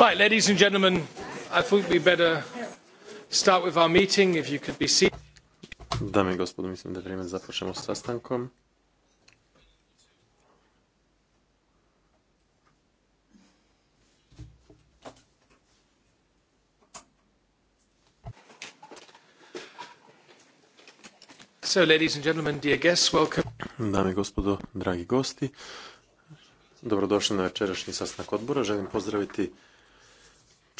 Right, ladies and gentlemen, I think we better start with our meeting, if you could be seated. Dame i gospodo, mislim da je vrijeme započnemo s sastankom. So, ladies and gentlemen, dear guests, welcome. Dame i gospodo, dragi gosti, dobrodošli na večerašnji sastanak odbora. Želim pozdraviti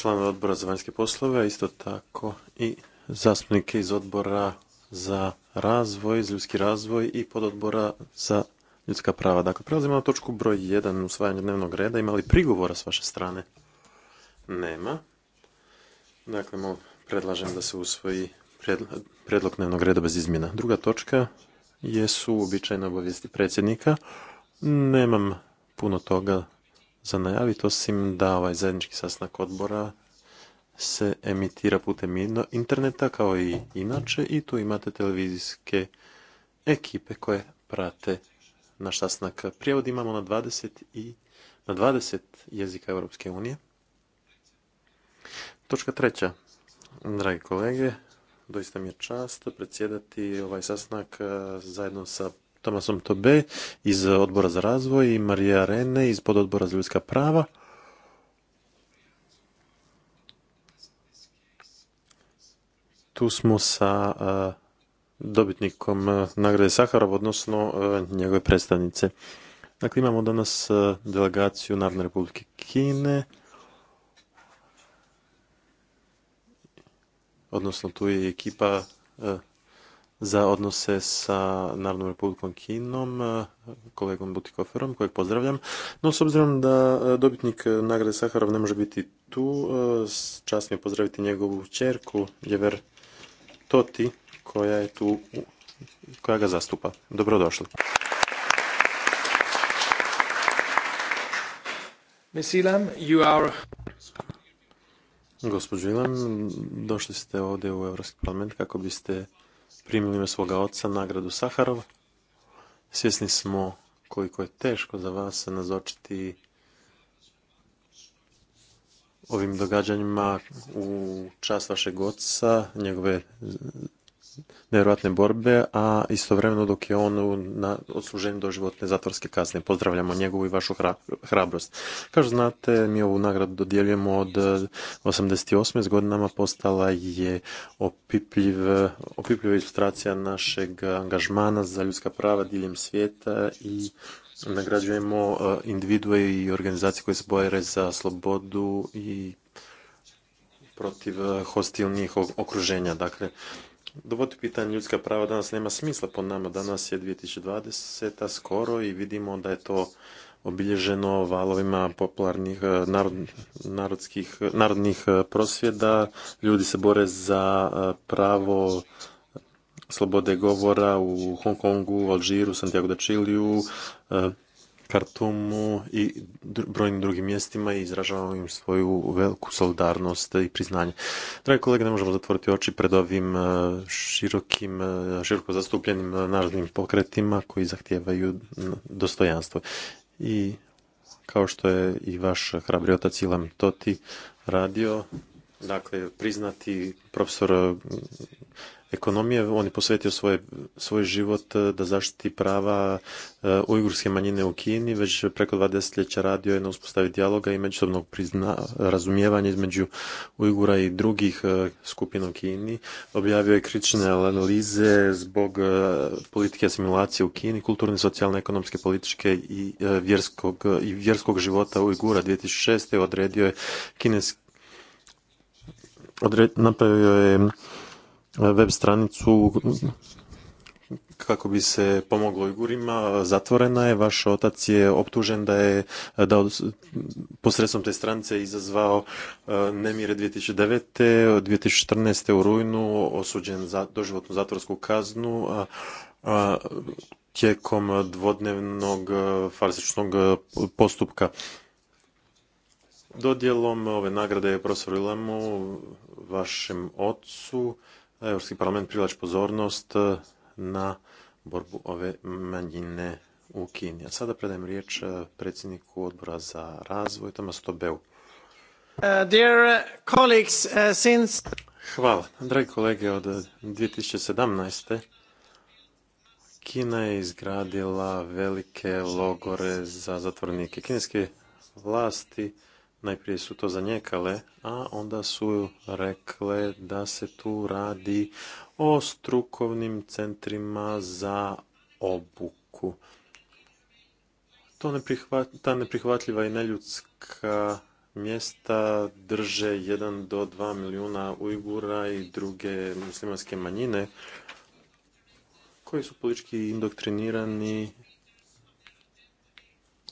članove odbora za vanjske poslove, a isto tako i zastupnike iz odbora za razvoj, za ljudski razvoj i pododbora za ljudska prava. Dakle, prelazimo na točku broj 1, usvajanje dnevnog reda. Ima li prigovora s vaše strane? Nema. Dakle, predlažem da se usvoji predlog dnevnog reda bez izmjena. Druga točka jesu uobičajene obavijesti predsjednika. Nemam puno toga za najaviti, osim da ovaj zajednički sastanak odbora se emitira putem interneta kao i inače i tu imate televizijske ekipe koje prate naš sastanak. Prijevod imamo na 20, i, na 20 jezika Europske unije. Točka treća. Dragi kolege, doista mi je čast predsjedati ovaj sastanak eh, zajedno sa Tomasom Tobe iz odbora za razvoj i Marija Rene iz pododbora za ljudska prava. Tu smo sa e, dobitnikom e, nagrade Saharov, odnosno e, njegove predstavnice. Dakle, imamo danas delegaciju Narodne republike Kine, odnosno tu je ekipa za odnose sa Narodnom republikom Kinom, e, kolegom Butikoferom, kojeg pozdravljam. No, s obzirom da e, dobitnik e, nagrade Saharov ne može biti tu, čast mi je pozdraviti njegovu čerku, Jever Toti, koja je tu, koja ga zastupa. Dobrodošli. Miss Ilam, you are... Gospodin došli ste ovdje u Europski parlament kako biste primili ime svoga oca nagradu Saharov. Svjesni smo koliko je teško za vas nazočiti ovim događanjima u čast vašeg oca, njegove nevjerojatne borbe, a istovremeno dok je on na odsluženju do životne zatvorske kazne. Pozdravljamo njegovu i vašu hrabrost. Kao znate, mi ovu nagradu dodjeljujemo od 88. E, s godinama postala je opipljiva ilustracija našeg angažmana za ljudska prava diljem svijeta i nagrađujemo e, individue i organizacije koje se bore za slobodu i protiv e, hostilnih okruženja. Dakle, Dovoditi pitanje ljudska prava danas nema smisla po nama. Danas je 2020. skoro i vidimo da je to obilježeno valovima popularnih eh, narod, narodskih, eh, narodnih eh, prosvjeda. Ljudi se bore za pravo slobode govora u Hongkongu, Kongu, Alžiru, Santiago da Čiliju, Kartumu i brojnim drugim mjestima i izražavamo im svoju veliku solidarnost i priznanje. Dragi kolege, ne možemo zatvoriti oči pred ovim e, širokim, e, široko zastupljenim e, narodnim pokretima koji zahtijevaju dostojanstvo. I kao što je i vaš hrabri otac Ilam Toti radio, dakle priznati profesor ekonomije. On je posvetio svoje, svoj život e, da zaštiti prava e, ujgurske manjine u Kini. Već preko dva desetljeća radio je na uspostavi dijaloga i međusobnog prizna, razumijevanja između Ujgura i drugih e, skupina u Kini. Objavio je kritične analize zbog politike asimilacije u Kini, kulturne, socijalne, ekonomske, političke i vjerskog, i vjerskog života Ujgura 2006. odredio je kineski Odred, napravio je web stranicu kako bi se pomoglo Igurima, zatvorena je. Vaš otac je optužen da je da posredstvom te stranice izazvao e, nemire 2009. 2014. u rujnu osuđen za doživotnu zatvorsku kaznu a, tijekom dvodnevnog e, farsičnog postupka. Dodjelom ove nagrade je profesor Ilamu, vašem ocu, Europski parlament privlači pozornost eh, na borbu ove manjine u Kini. A sada predajem riječ eh, predsjedniku odbora za razvoj, Tomas Tobeu. Eh, Hvala. Dragi kolege, od 2017. Kina je izgradila velike logore za zatvornike. Kineske vlasti najprije su to zanijekale, a onda su rekle da se tu radi o strukovnim centrima za obuku. To ta neprihvatljiva i neljudska mjesta drže 1 do 2 milijuna Ujgura i druge muslimanske manjine koji su politički indoktrinirani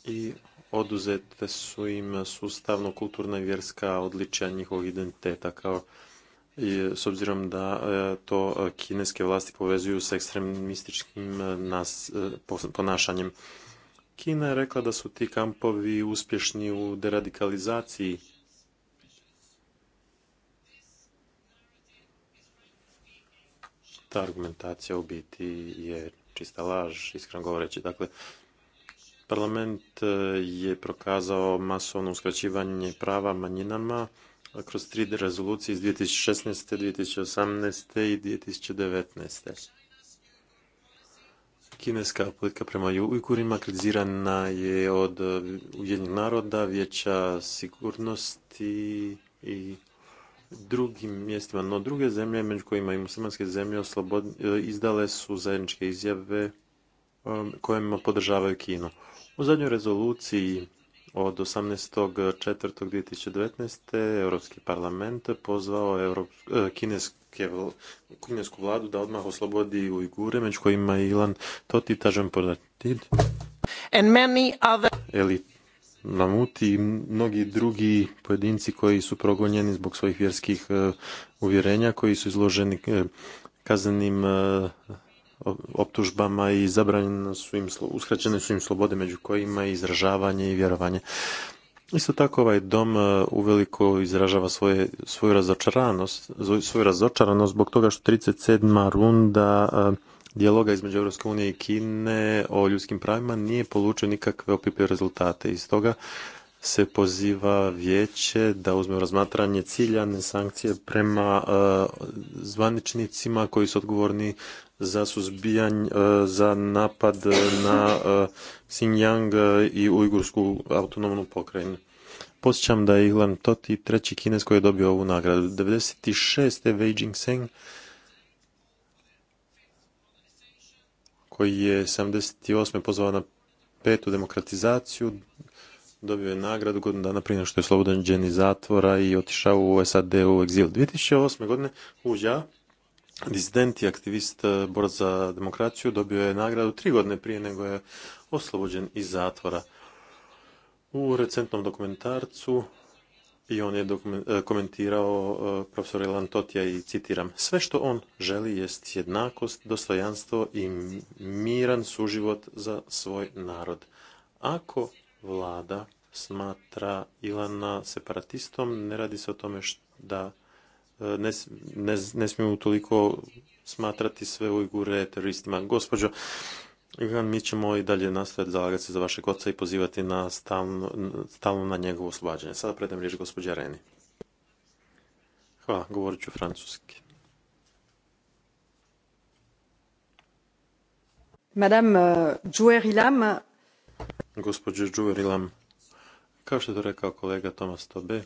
i oduzete su im sustavno kulturna i vjerska odličja njihovog identiteta kao i s obzirom da e, to kineske vlasti povezuju s ekstremističkim e, nas, e, ponašanjem. Kina je rekla da su ti kampovi uspješni u deradikalizaciji. Ta argumentacija u biti je čista laž, iskreno govoreći. Dakle, Parlament e, je prokazao masovno uskraćivanje prava manjinama kroz tri rezolucije iz 2016., 2018. i 2019. Kineska politika prema Ujgurima kritizirana je od Ujedinjeg naroda, Vijeća sigurnosti i drugim mjestima. No druge zemlje, među kojima i muslimanske zemlje, e, izdale su zajedničke izjave Um, kojima podržavaju Kino. U zadnjoj rezoluciji od 18.4.2019. Europski parlament pozvao Evrop... E, kinesku vladu da odmah oslobodi Ujgure, među kojima je Ilan Toti, tažem Podatid, other... Eli namuti i mnogi drugi pojedinci koji su progonjeni zbog svojih vjerskih e, uvjerenja, koji su izloženi e, kaznenim optužbama i zabranjene su im, uskraćene su im slobode među kojima i izražavanje i vjerovanje. Isto tako ovaj dom e, uveliko izražava svoje, svoju, razočaranost, svoju razočaranost zbog toga što 37. runda e, dijaloga između Europske unije i Kine o ljudskim pravima nije polučio nikakve opipe rezultate. Iz toga se poziva vijeće da uzme u razmatranje ciljane sankcije prema e, zvaničnicima koji su odgovorni za suzbijanje, e, za napad na e, Xinjiang i Ujgursku autonomnu pokrajinu. Posjećam da je Ilan Toti treći kines koji je dobio ovu nagradu. 96. Wei Seng koji je 78. pozvao na petu demokratizaciju, dobio je nagradu godinu dana prije što je slobodan iz zatvora i otišao u SAD u egzil. 2008. godine Uđa, disident i aktivist eh, borac za demokraciju, dobio je nagradu tri godine prije nego je oslobođen iz zatvora. U recentnom dokumentarcu i on je eh, komentirao eh, profesor Elan Totija i citiram Sve što on želi jest jednakost, dostojanstvo i miran suživot za svoj narod. Ako vlada smatra Ilana separatistom. Ne radi se o tome da e, ne, ne, ne smijemo toliko smatrati sve Ujgure teroristima. Gospođo, mi ćemo i dalje nastaviti zalagati se za vašeg oca i pozivati na stalno, stalno na njegovo oslobađanje. Sada predam riječ gospođa Reni. Hvala, govorit ću francuski. Madame e, Gospođo kao što je to rekao kolega Tomas Tobe,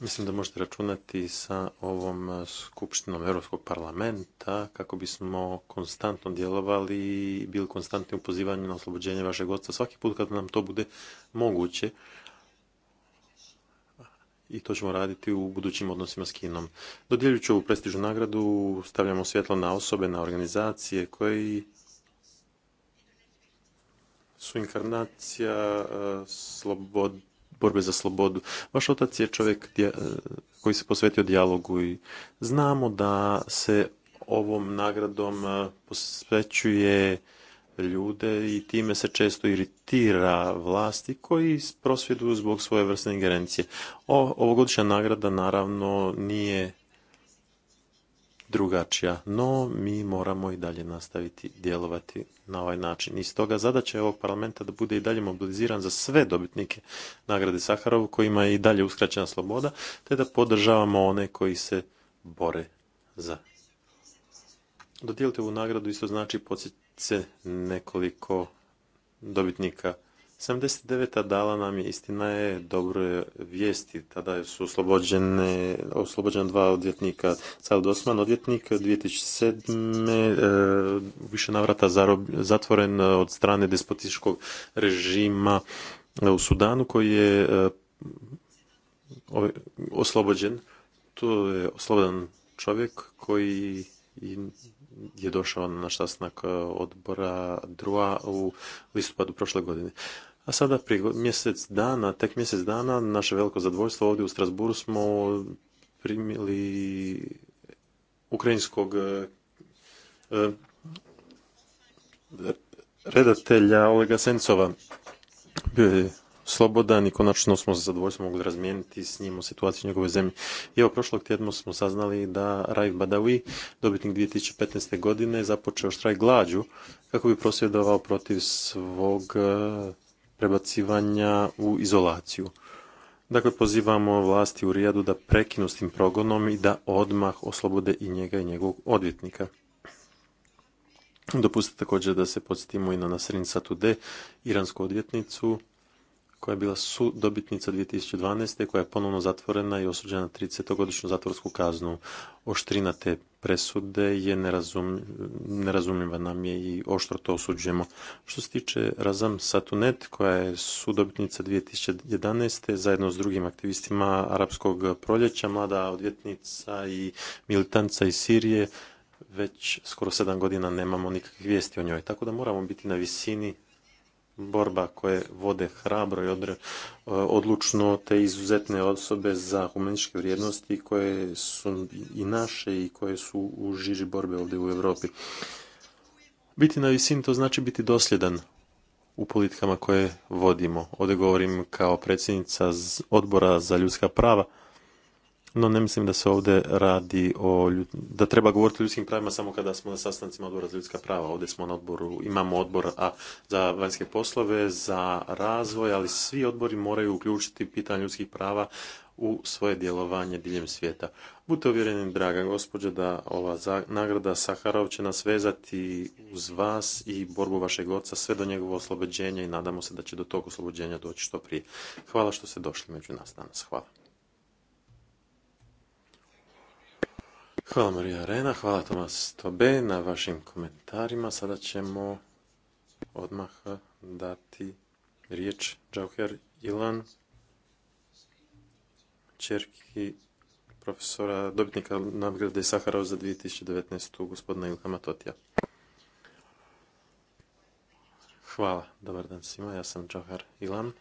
mislim da možete računati sa ovom skupštinom Europskog parlamenta kako bismo konstantno djelovali i bili konstantni u pozivanju na oslobođenje vašeg oca svaki put kad nam to bude moguće i to ćemo raditi u budućim odnosima s Kinom. Dodjeljujući ovu prestižnu nagradu stavljamo svjetlo na osobe, na organizacije koji su inkarnacija e, borbe za slobodu. Vaš otac je čovjek e, koji se posvetio dijalogu i znamo da se ovom nagradom e, posvećuje ljude i time se često iritira vlasti koji prosvjeduju zbog svoje vrste ingerencije. ovogodišnja nagrada naravno nije drugačija, no mi moramo i dalje nastaviti djelovati na ovaj način. I stoga zadaća je ovog parlamenta da bude i dalje mobiliziran za sve dobitnike nagrade Saharov kojima je i dalje uskraćena sloboda, te da podržavamo one koji se bore za. Dodijelite ovu nagradu isto znači podsjetiti nekoliko dobitnika 79. dala nam je, istina je, dobre vijesti. Tada su oslobođene, oslobođena dva odvjetnika. Saud Osman, odvjetnik 2007. E, više navrata zatvoren od strane despotičkog režima e, u Sudanu, koji je e, oslobođen. To je oslobodan čovjek koji je došao na naš sastanak e, odbora DRUA u listopadu prošle godine. A sada prije mjesec dana, tek mjesec dana, naše veliko zadvojstvo ovdje u Strasburu smo primili ukrajinskog e, e, redatelja Olega Sencova. Bio je slobodan i konačno smo se zadovoljstvo mogli razmijeniti s njim u situaciji njegove zemlje. I evo, prošlog tjedna smo saznali da Raif Badawi, dobitnik 2015. godine, započeo štrajk glađu kako bi prosvjedovao protiv svog e, prebacivanja u izolaciju. Dakle, pozivamo vlasti u Rijadu da prekinu s tim progonom i da odmah oslobode i njega i njegovog odvjetnika. Dopustite također da se podsjetimo i na Nasrin Satude, iransku odvjetnicu, koja je bila sudobitnica 2012. koja je ponovno zatvorena i osuđena na 30 zatvorsku kaznu. Oštrina te presude je nerazum, nerazumljiva nam je i oštro to osuđujemo. Što se tiče Razam Satunet, koja je sudobitnica 2011. zajedno s drugim aktivistima Arapskog proljeća, mlada odvjetnica i militanca iz Sirije, već skoro sedam godina nemamo nikakvih vijesti o njoj, tako da moramo biti na visini borba koje vode hrabro i e, odlučno te izuzetne osobe za humaničke vrijednosti koje su i naše i koje su u žiži borbe ovdje u Europi. Biti na visini to znači biti dosljedan u politikama koje vodimo. Ovdje govorim kao predsjednica odbora za ljudska prava no ne mislim da se ovdje radi o da treba govoriti o ljudskim pravima samo kada smo na sastancima odbora za ljudska prava. Ovdje smo na odboru, imamo odbor a, za vanjske poslove, za razvoj, ali svi odbori moraju uključiti pitanje ljudskih prava u svoje djelovanje diljem svijeta. Budite uvjereni, draga gospođo, da ova nagrada Saharov će nas vezati uz vas i borbu vašeg oca sve do njegovog oslobođenja i nadamo se da će do tog oslobođenja doći što prije. Hvala što ste došli među nas danas. Hvala. Hvala Marija Arena, hvala Tomas Tobe na vašim komentarima. Sada ćemo odmah dati riječ Džauher Ilan, čerki profesora, dobitnika nagrade Saharov za 2019. gospodina Ilhama Totija. Hvala, dobar dan svima, ja sam Džauher Ilan.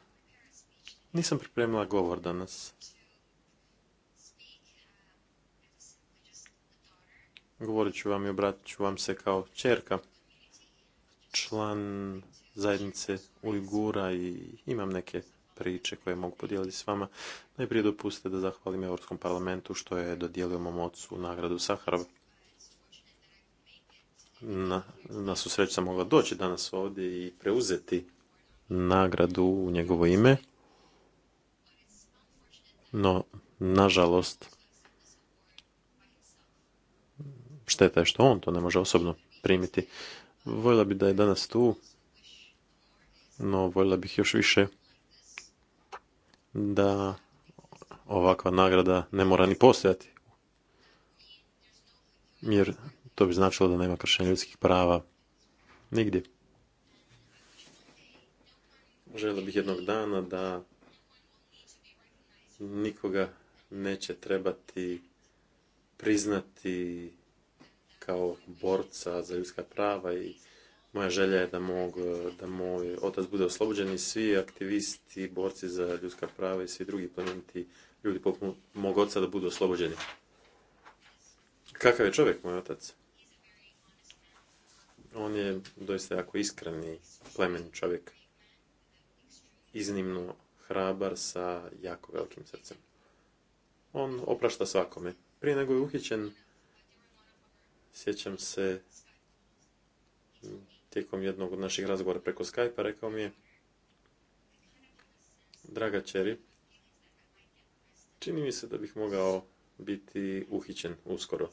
Nisam pripremila govor danas, Govorit ću vam i obratit ću vam se kao čerka, član zajednice Ujgura i imam neke priče koje mogu podijeliti s vama. Najprije dopustite da zahvalim Europskom parlamentu što je dodijelio mom ocu nagradu Saharov. Na, na sreću sam mogla doći danas ovdje i preuzeti nagradu u njegovo ime. No, nažalost, šteta je što on to ne može osobno primiti. Voljela bi da je danas tu, no voljela bih još više da ovakva nagrada ne mora ni postojati. Jer to bi značilo da nema kršenja ljudskih prava nigdje. Želio bih jednog dana da nikoga neće trebati priznati kao borca za ljudska prava i moja želja je da, mog, da moj otac bude oslobođen i svi aktivisti, borci za ljudska prava i svi drugi planeti ljudi poput mog oca da budu oslobođeni. Kakav je čovjek moj otac? On je doista jako iskreni plemeni plemen čovjek. Iznimno hrabar sa jako velikim srcem. On oprašta svakome. Prije nego je uhićen, Sjećam se tijekom jednog od naših razgovora preko Skype-a rekao mi je Draga čeri, čini mi se da bih mogao biti uhićen uskoro.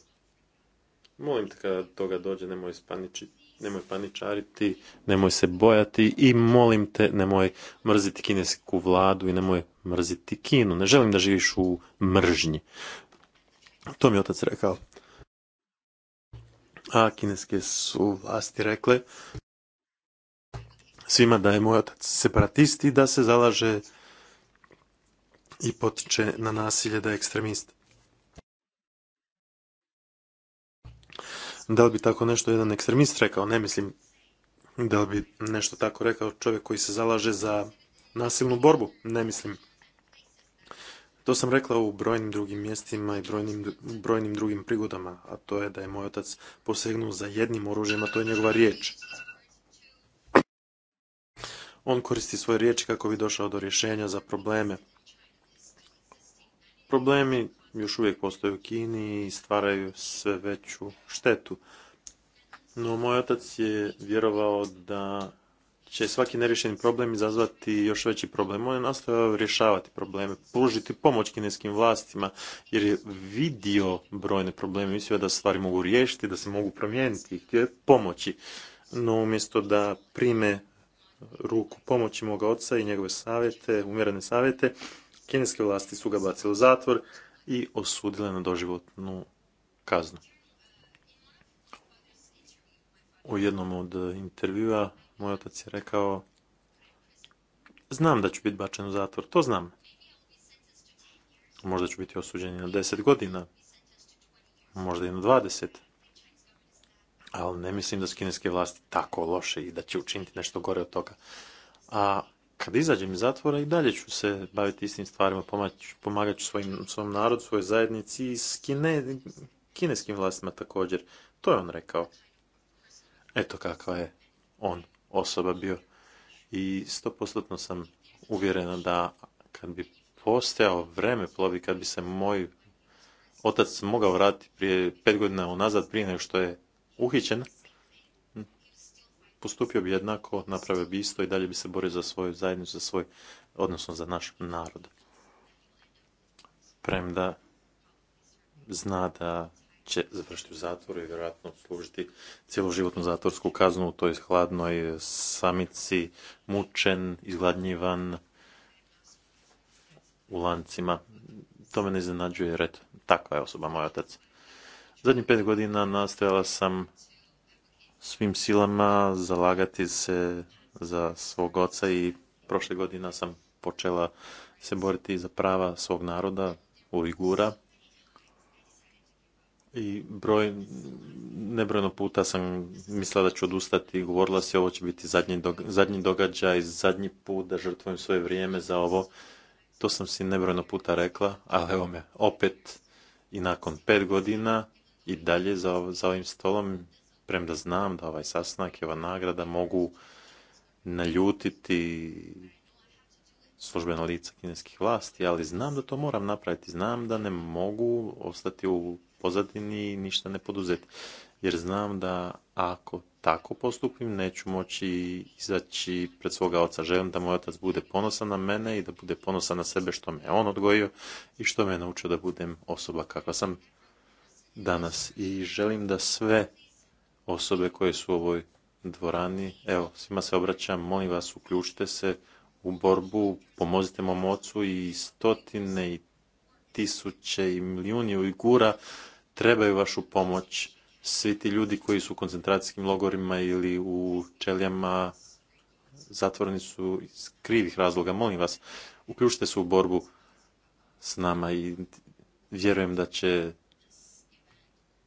Molim te kada toga dođe, nemoj, spaniči, nemoj paničariti, nemoj se bojati i molim te nemoj mrziti kinesku vladu i nemoj mrziti Kinu. Ne želim da živiš u mržnji. To mi je otac rekao a kineske su vlasti rekle svima da je moj otac separatist i da se zalaže i potiče na nasilje da je ekstremist. Da li bi tako nešto jedan ekstremist rekao? Ne mislim da li bi nešto tako rekao čovjek koji se zalaže za nasilnu borbu? Ne mislim. To sam rekla u brojnim drugim mjestima i brojnim, brojnim drugim prigodama, a to je da je moj otac posegnuo za jednim oružjem, a to je njegova riječ. On koristi svoje riječi kako bi došao do rješenja za probleme. Problemi još uvijek postoje u Kini i stvaraju sve veću štetu. No, moj otac je vjerovao da će svaki nerješeni problem izazvati još veći problem. On je nastojao rješavati probleme, pružiti pomoć kineskim vlastima, jer je vidio brojne probleme, mislio da stvari mogu riješiti, da se mogu promijeniti, htio je pomoći. No umjesto da prime ruku pomoći moga oca i njegove savjete, umjerene savjete, kineske vlasti su ga bacili u zatvor i osudile na doživotnu kaznu. U jednom od intervjua moj otac je rekao, znam da ću biti bačen u zatvor, to znam. Možda ću biti osuđen na deset godina, možda i na 20. Ali ne mislim da su kineske vlasti tako loše i da će učiniti nešto gore od toga. A kad izađem iz zatvora i dalje ću se baviti istim stvarima, pomagat ću svom narodu, svojoj zajednici i s kineskim vlastima također. To je on rekao. Eto kakva je on osoba bio i stopostotno sam uvjerena da kad bi postojao vreme plovi, kad bi se moj otac mogao vratiti prije pet godina unazad, prije nego što je uhićen, postupio bi jednako, napravio bi isto i dalje bi se borio za svoju zajednicu, za svoj, odnosno za naš narod. Premda zna da će završiti u zatvoru i vjerojatno služiti životnu zatvorsku kaznu u toj hladnoj samici, mučen, izgladnjivan u lancima. To me ne iznenađuje jer takva je osoba moj otac. Zadnjih pet godina nastojala sam svim silama zalagati se za svog oca i prošle godina sam počela se boriti za prava svog naroda, Ujgura, i broj, nebrojno puta sam mislila da ću odustati i govorila si ovo će biti zadnji, zadnji događaj, zadnji put da žrtvujem svoje vrijeme za ovo. To sam si nebrojno puta rekla, ali evo me opet i nakon pet godina i dalje za, za ovim stolom, premda znam da ovaj sastanak i ova nagrada mogu naljutiti službeno lica kineskih vlasti, ali znam da to moram napraviti, znam da ne mogu ostati u pozadini i ništa ne poduzeti. Jer znam da ako tako postupim, neću moći izaći pred svoga oca. Želim da moj otac bude ponosan na mene i da bude ponosan na sebe što me on odgojio i što me naučio da budem osoba kakva sam danas. I želim da sve osobe koje su u ovoj dvorani, evo, svima se obraćam, molim vas, uključite se u borbu, pomozite mom ocu i stotine i tisuće i milijuni Ujgura trebaju vašu pomoć. Svi ti ljudi koji su u koncentracijskim logorima ili u čeljama zatvoreni su iz krivih razloga. Molim vas, uključite se u borbu s nama i vjerujem da će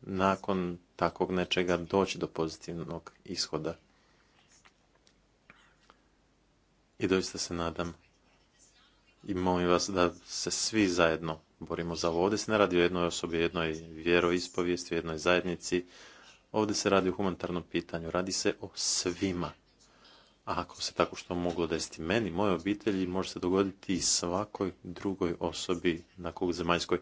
nakon takvog nečega doći do pozitivnog ishoda. I doista se nadam i molim vas da se svi zajedno borimo za ovo. Ovdje se ne radi o jednoj osobi, jednoj vjeroispovijesti, jednoj zajednici. Ovdje se radi o humanitarnom pitanju. Radi se o svima. A ako se tako što moglo desiti meni, moje obitelji, može se dogoditi i svakoj drugoj osobi na kog zemaljskoj.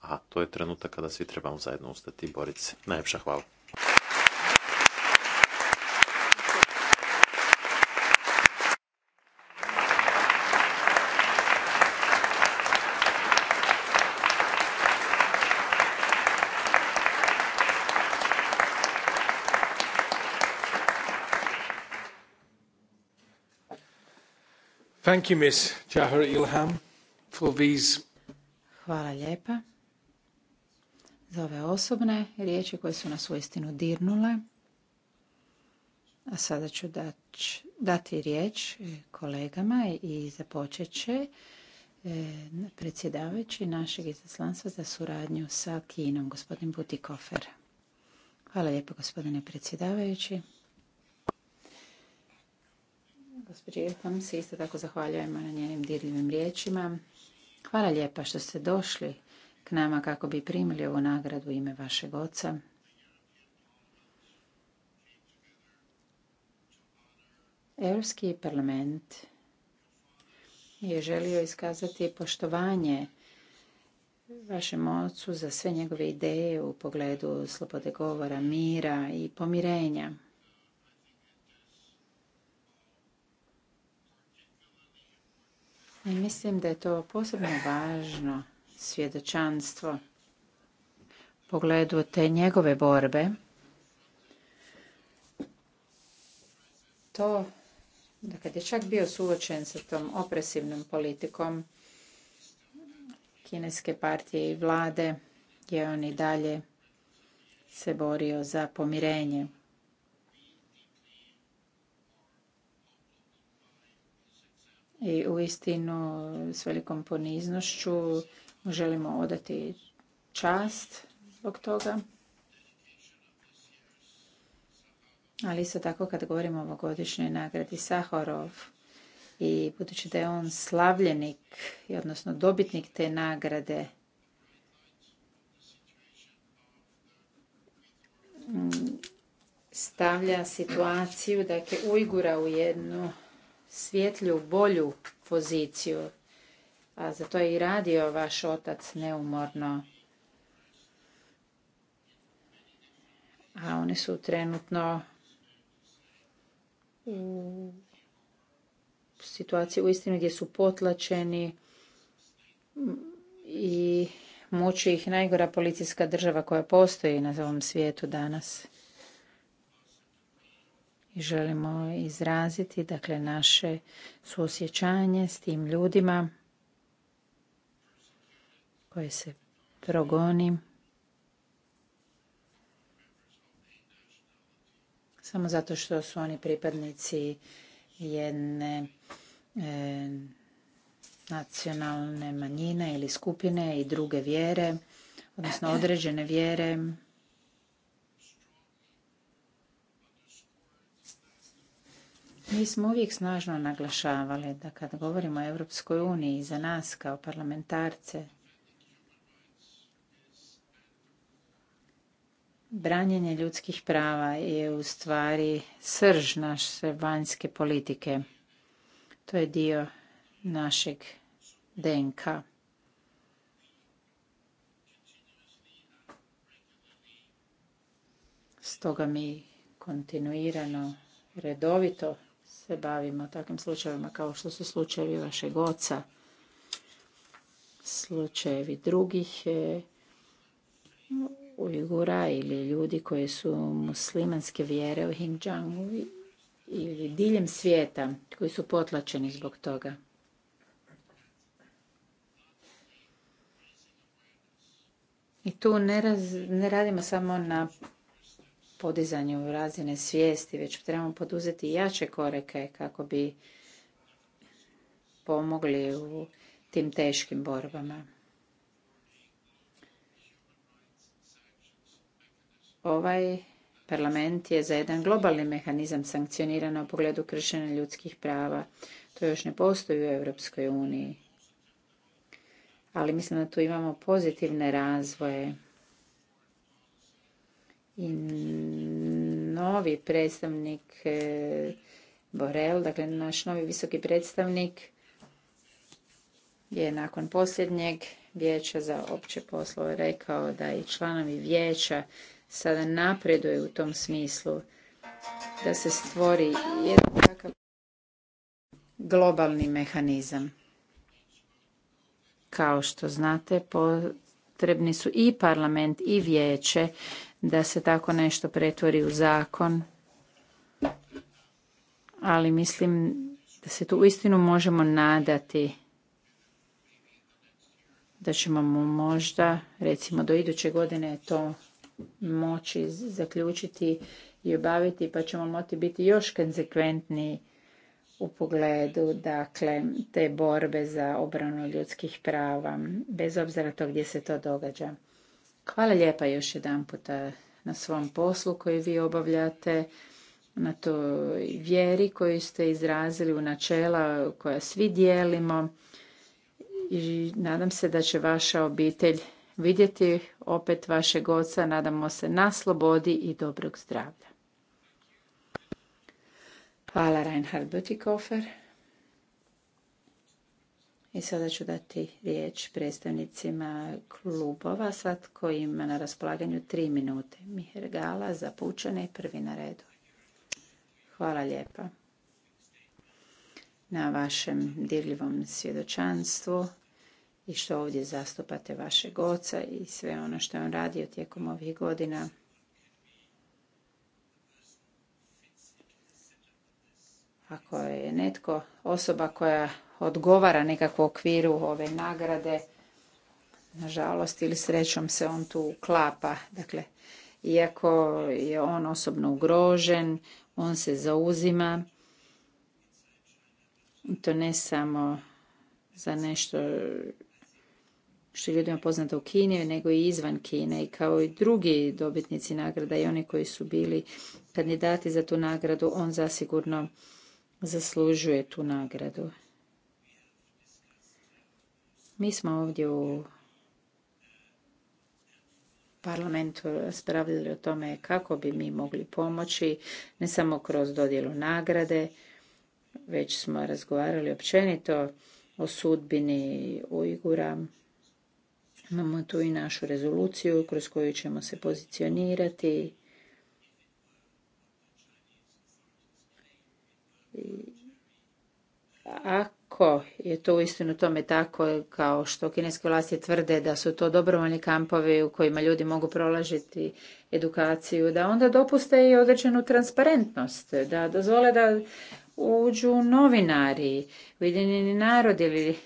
A to je trenutak kada svi trebamo zajedno ustati i boriti se. Najljepša hvala. Thank Hvala lijepa za ove osobne riječi koje su nas uistinu dirnule. A sada ću dati riječ e, kolegama i započet će e, predsjedavajući našeg izaslanstva za suradnju sa Kinom, gospodin Butikofer. Hvala lijepo gospodine predsjedavajući. vam se isto tako zahvaljujemo na njenim dirljivim riječima. Hvala lijepa što ste došli k nama kako bi primili ovu nagradu ime vašeg oca. Europski parlament je želio iskazati poštovanje vašem ocu za sve njegove ideje u pogledu slobode govora, mira i pomirenja. I mislim da je to posebno važno svjedočanstvo pogledu te njegove borbe. To da kad je čak bio suočen sa tom opresivnom politikom kineske partije i vlade, je on i dalje se borio za pomirenje. i istinu, s velikom poniznošću želimo odati čast zbog toga. Ali isto tako kad govorimo o ovogodišnjoj nagradi Sahorov i budući da je on slavljenik, odnosno dobitnik te nagrade, mm, stavlja situaciju da je Ujgura u jednu svjetlju, bolju poziciju. A za to je i radio vaš otac neumorno. A oni su trenutno u situaciji u istinu gdje su potlačeni i muči ih najgora policijska država koja postoji na ovom svijetu danas i želimo izraziti dakle naše suosjećanje s tim ljudima koje se progoni samo zato što su oni pripadnici jedne e, nacionalne manjine ili skupine i druge vjere, odnosno određene vjere Mi smo uvijek snažno naglašavali da kad govorimo o Europskoj uniji za nas kao parlamentarce branjenje ljudskih prava je u stvari srž naše vanjske politike. To je dio našeg DNK. Stoga mi kontinuirano, redovito se bavimo takvim slučajevima kao što su slučajevi vašeg oca, slučajevi drugih e, Ujgura ili ljudi koji su muslimanske vjere u Hingjangu ili diljem svijeta koji su potlačeni zbog toga. I tu ne, ne radimo samo na podizanju razine svijesti, već trebamo poduzeti jače korake kako bi pomogli u tim teškim borbama. Ovaj parlament je za jedan globalni mehanizam sankcioniran u pogledu kršenja ljudskih prava. To još ne postoji u Europskoj uniji. Ali mislim da tu imamo pozitivne razvoje i novi predstavnik e, Borel, dakle naš novi visoki predstavnik je nakon posljednjeg vijeća za opće poslove rekao da i članovi vijeća sada napreduje u tom smislu da se stvori jedan takav globalni mehanizam. Kao što znate, po potrebni su i parlament i vijeće da se tako nešto pretvori u zakon. Ali mislim da se tu uistinu možemo nadati da ćemo možda, recimo do iduće godine to moći zaključiti i obaviti, pa ćemo moći biti još konzekventniji u pogledu dakle, te borbe za obranu ljudskih prava, bez obzira to gdje se to događa. Hvala lijepa još jedan puta na svom poslu koji vi obavljate, na toj vjeri koju ste izrazili u načela koja svi dijelimo i nadam se da će vaša obitelj vidjeti opet vašeg oca, nadamo se na slobodi i dobrog zdravlja. Hvala Reinhard Butikofer. I sada ću dati riječ predstavnicima klubova. koji ima na raspolaganju tri minute. Miher Gala za prvi na redu. Hvala lijepa na vašem dirljivom svjedočanstvu i što ovdje zastupate vašeg oca i sve ono što je on radio tijekom ovih godina. Ako je netko osoba koja odgovara u okviru ove nagrade, nažalost ili srećom se on tu uklapa. Dakle, iako je on osobno ugrožen, on se zauzima. To ne samo za nešto što je ljudima poznato u Kini, nego i izvan Kine. I kao i drugi dobitnici nagrada i oni koji su bili kandidati za tu nagradu, on zasigurno zaslužuje tu nagradu. Mi smo ovdje u parlamentu raspravljali o tome kako bi mi mogli pomoći, ne samo kroz dodjelu nagrade, već smo razgovarali općenito o sudbini Ujgura. Imamo tu i našu rezoluciju kroz koju ćemo se pozicionirati. Ako je to uistinu tome tako kao što kineske vlasti tvrde da su to dobrovoljni kampovi u kojima ljudi mogu prolažiti edukaciju, da onda dopuste i određenu transparentnost, da dozvole da uđu novinari, Ujedinjeni narod ili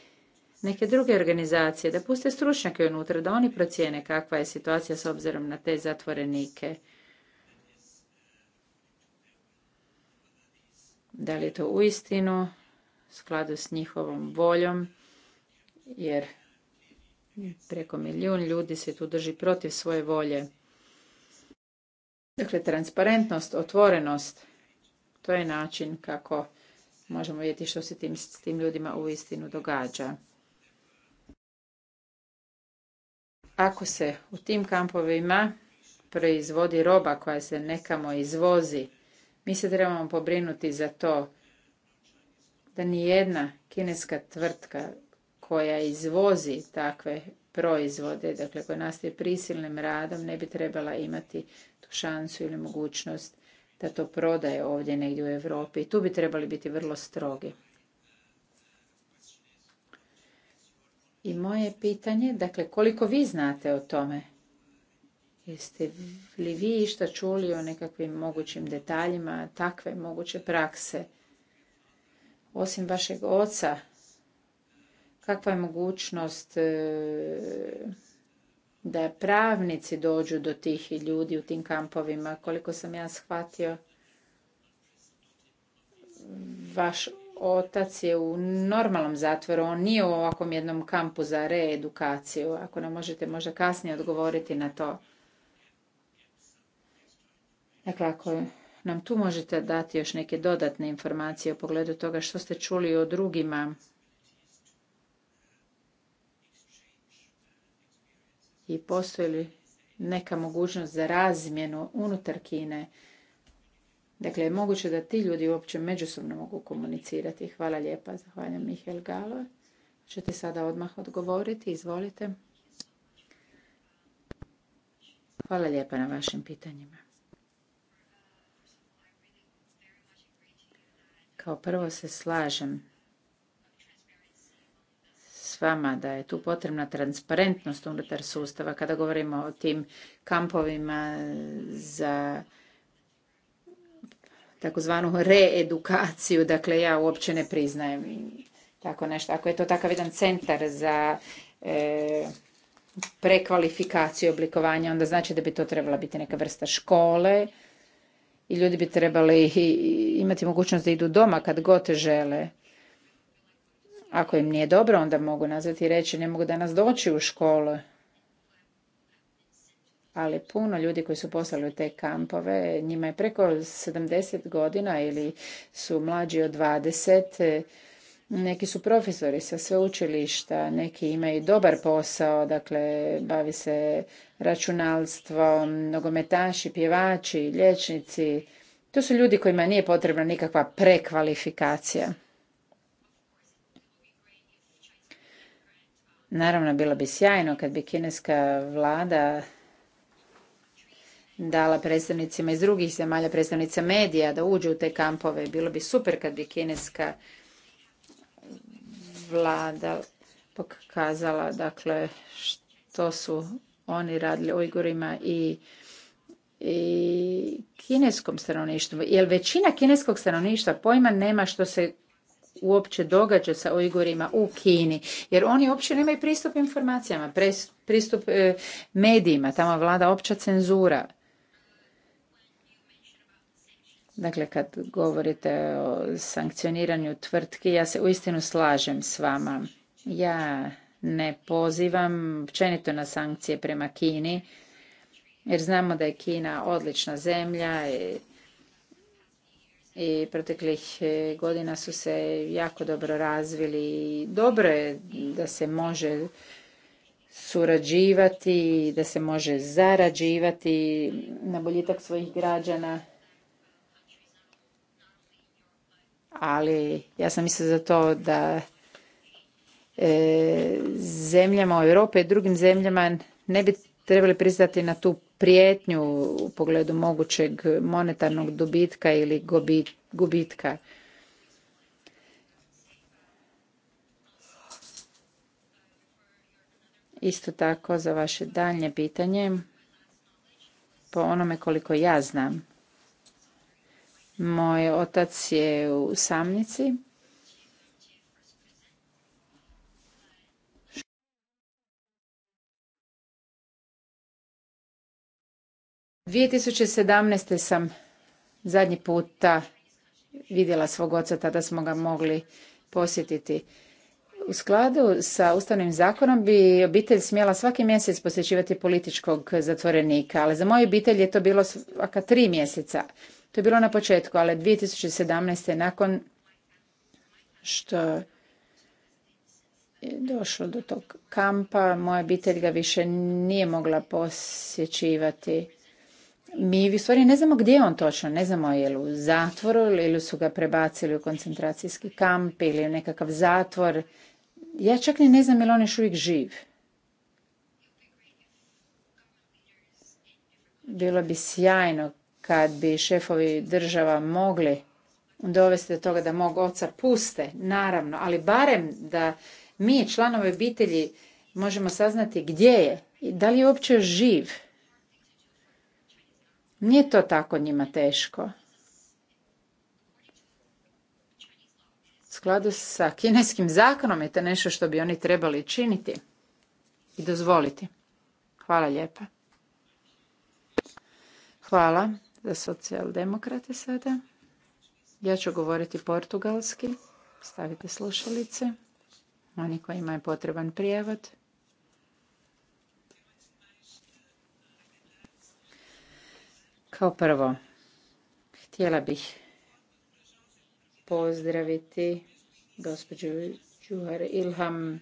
neke druge organizacije, da puste stručnjake unutra, da oni procijene kakva je situacija s obzirom na te zatvorenike. Da li je to uistinu skladu s njihovom voljom, jer preko milijun ljudi se tu drži protiv svoje volje. Dakle, transparentnost, otvorenost, to je način kako možemo vidjeti što se tim, s tim ljudima u istinu događa. Ako se u tim kampovima proizvodi roba koja se nekamo izvozi, mi se trebamo pobrinuti za to da ni jedna kineska tvrtka koja izvozi takve proizvode, dakle koja nastaje prisilnim radom, ne bi trebala imati tu šansu ili mogućnost da to prodaje ovdje negdje u Europi. I tu bi trebali biti vrlo strogi. I moje pitanje, dakle, koliko vi znate o tome? Jeste li vi išta čuli o nekakvim mogućim detaljima takve moguće prakse? osim vašeg oca, kakva je mogućnost e, da pravnici dođu do tih ljudi u tim kampovima? Koliko sam ja shvatio, vaš otac je u normalnom zatvoru, on nije u ovakvom jednom kampu za reedukaciju. Ako nam možete možda kasnije odgovoriti na to. Dakle, ako nam tu možete dati još neke dodatne informacije u pogledu toga što ste čuli o drugima i postoji li neka mogućnost za razmjenu unutar Kine. Dakle, je moguće da ti ljudi uopće međusobno mogu komunicirati. Hvala lijepa. Zahvaljujem Mihael Galo. Čete sada odmah odgovoriti. Izvolite. Hvala lijepa na vašim pitanjima. Kao prvo se slažem s vama da je tu potrebna transparentnost unutar sustava kada govorimo o tim kampovima za takozvanu reedukaciju. Dakle, ja uopće ne priznajem tako nešto. Ako je to takav jedan centar za e, prekvalifikaciju oblikovanja, onda znači da bi to trebala biti neka vrsta škole i ljudi bi trebali imati mogućnost da idu doma kad god žele. Ako im nije dobro, onda mogu nazvati i reći ne mogu danas doći u školu. Ali puno ljudi koji su poslali u te kampove, njima je preko 70 godina ili su mlađi od 20 neki su profesori sa sveučilišta, neki imaju dobar posao, dakle bavi se računalstvom, nogometaši, pjevači, liječnici. To su ljudi kojima nije potrebna nikakva prekvalifikacija. Naravno, bilo bi sjajno kad bi kineska vlada dala predstavnicima iz drugih zemalja, predstavnica medija da uđu u te kampove. Bilo bi super kad bi kineska vlada pokazala dakle što su oni radili u i i kineskom stanovništvu. Jer većina kineskog stanovništva pojma nema što se uopće događa sa Ujgurima u Kini, jer oni uopće nemaju pristup informacijama, pristup e, medijima, tamo vlada opća cenzura. Dakle, kad govorite o sankcioniranju tvrtki, ja se uistinu slažem s vama. Ja ne pozivam općenito na sankcije prema Kini, jer znamo da je Kina odlična zemlja i, i proteklih e, godina su se jako dobro razvili. Dobro je da se može surađivati, da se može zarađivati na boljitak svojih građana ali ja sam isto za to da e, zemljama zemljama Europi i drugim zemljama ne bi trebali priznati na tu prijetnju u pogledu mogućeg monetarnog dobitka ili gubitka. Isto tako za vaše daljnje pitanje, po onome koliko ja znam, moj otac je u samnici. Dvije sam zadnji puta vidjela svog oca, tada smo ga mogli posjetiti. U skladu sa Ustavnim zakonom bi obitelj smjela svaki mjesec posjećivati političkog zatvorenika, ali za moju obitelj je to bilo svaka tri mjeseca. To je bilo na početku, ali 2017. nakon što je došlo do tog kampa, moja obitelj ga više nije mogla posjećivati. Mi u stvari ne znamo gdje je on točno, ne znamo je li u zatvoru ili su ga prebacili u koncentracijski kamp ili u nekakav zatvor. Ja čak ni ne znam je li on još uvijek živ. Bilo bi sjajno kad bi šefovi država mogli dovesti do toga da mog oca puste, naravno, ali barem da mi, članovi obitelji, možemo saznati gdje je i da li je uopće živ. Nije to tako njima teško. U skladu sa kineskim zakonom je to nešto što bi oni trebali činiti i dozvoliti. Hvala lijepa. Hvala za socijaldemokrate sada. Ja ću govoriti portugalski. Stavite slušalice. Oni kojima je potreban prijevod. Kao prvo, htjela bih pozdraviti gospođu Đuhar Ilham,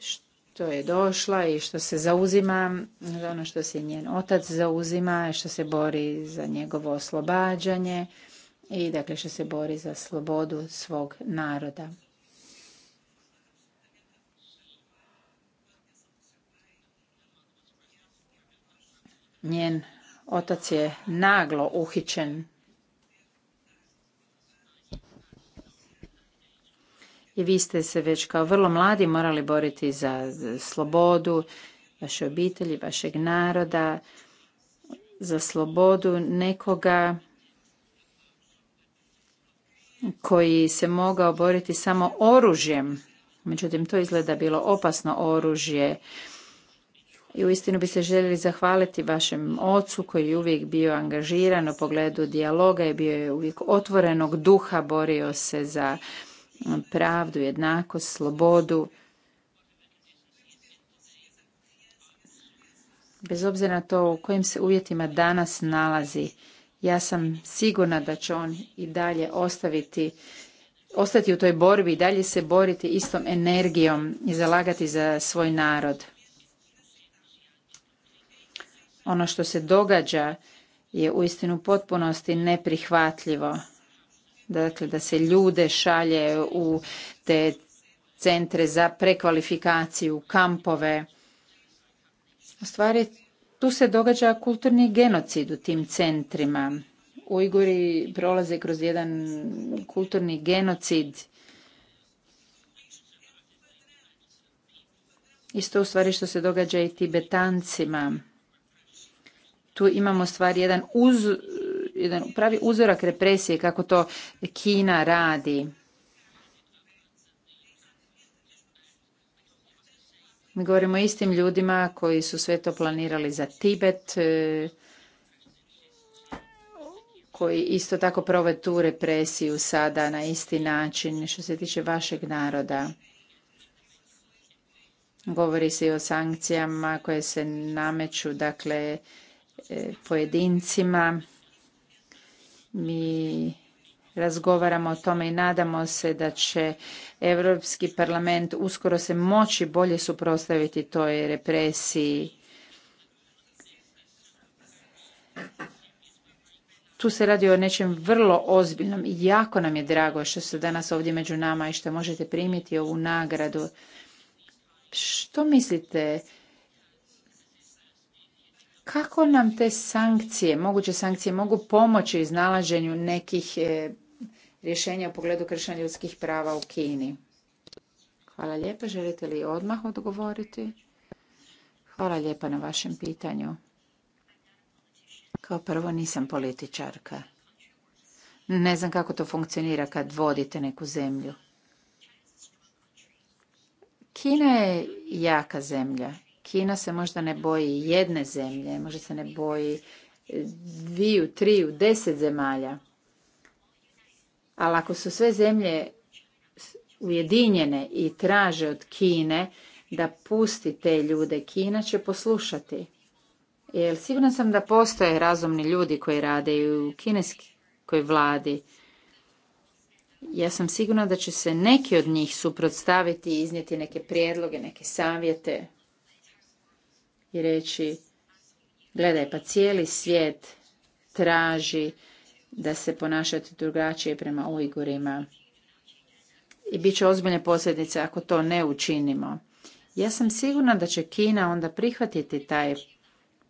što što je došla i što se zauzima, za ono što se njen otac zauzima, što se bori za njegovo oslobađanje i dakle što se bori za slobodu svog naroda. Njen otac je naglo uhićen i vi ste se već kao vrlo mladi morali boriti za slobodu vaše obitelji, vašeg naroda, za slobodu nekoga koji se mogao boriti samo oružjem. Međutim, to izgleda bilo opasno oružje. I uistinu bi se željeli zahvaliti vašem ocu koji je uvijek bio angažiran u pogledu dijaloga i bio je uvijek otvorenog duha, borio se za pravdu, jednakost, slobodu. Bez obzira na to u kojim se uvjetima danas nalazi, ja sam sigurna da će on i dalje ostaviti ostati u toj borbi i dalje se boriti istom energijom i zalagati za svoj narod. Ono što se događa je uistinu u potpunosti neprihvatljivo dakle da se ljude šalje u te centre za prekvalifikaciju, kampove. U stvari, tu se događa kulturni genocid u tim centrima. Ujguri prolaze kroz jedan kulturni genocid. Isto u stvari što se događa i tibetancima. Tu imamo stvari jedan uz, jedan pravi uzorak represije kako to Kina radi. Mi govorimo o istim ljudima koji su sve to planirali za Tibet, e, koji isto tako prove tu represiju sada na isti način što se tiče vašeg naroda. Govori se i o sankcijama koje se nameću dakle e, pojedincima. Mi razgovaramo o tome i nadamo se da će Europski parlament uskoro se moći bolje suprotstaviti toj represiji. Tu se radi o nečem vrlo ozbiljnom i jako nam je drago što ste danas ovdje među nama i što možete primiti ovu nagradu. Što mislite kako nam te sankcije, moguće sankcije mogu pomoći iznalaženju nekih e, rješenja u pogledu kršenja ljudskih prava u Kini? Hvala lijepa. Želite li odmah odgovoriti? Hvala lijepa na vašem pitanju. Kao prvo nisam političarka. Ne znam kako to funkcionira kad vodite neku zemlju. Kina je jaka zemlja Kina se možda ne boji jedne zemlje, možda se ne boji e, dviju, triju, deset zemalja. Ali ako su sve zemlje ujedinjene i traže od Kine da pusti te ljude, Kina će poslušati. Jer sigurna sam da postoje razumni ljudi koji rade i u kineskoj vladi. Ja sam sigurna da će se neki od njih suprotstaviti i iznijeti neke prijedloge, neke savjete, i reći gledaj pa cijeli svijet traži da se ponašate drugačije prema Ujgurima i bit će ozbiljne posljedice ako to ne učinimo. Ja sam sigurna da će Kina onda prihvatiti taj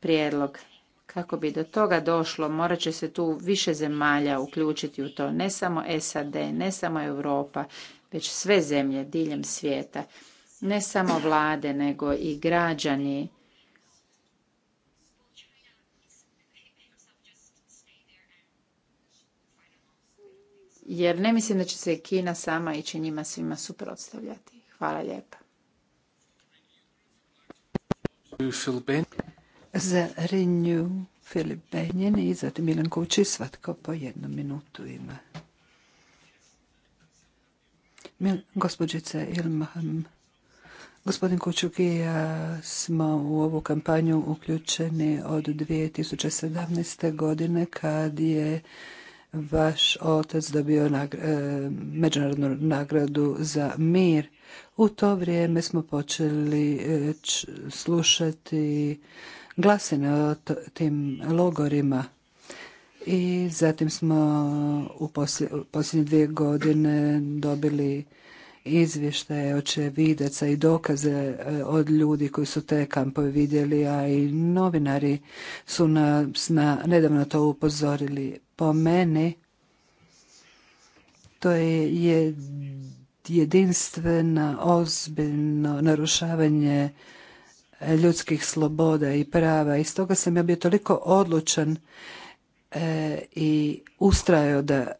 prijedlog. Kako bi do toga došlo, morat će se tu više zemalja uključiti u to, ne samo SAD, ne samo Europa, već sve zemlje diljem svijeta, ne samo vlade, nego i građani jer ne mislim da će se Kina sama ići njima svima suprotstavljati. Hvala lijepa. Za Renju Filip Benjen i za Milan Kući svatko po jednu minutu ima. Mil, gospođice Ilmaham, gospodin Kučuk i ja smo u ovu kampanju uključeni od 2017. godine kad je vaš otac dobio e, međunarodnu nagradu za mir. U to vrijeme smo počeli e, slušati glasine o tim logorima. I zatim smo u posljednje dvije godine dobili izvještaje očevidaca i dokaze e, od ljudi koji su te kampove vidjeli, a i novinari su nas na, nedavno to upozorili po meni to je jedinstveno ozbiljno narušavanje ljudskih sloboda i prava i stoga sam ja bio toliko odlučan e, i ustrajao da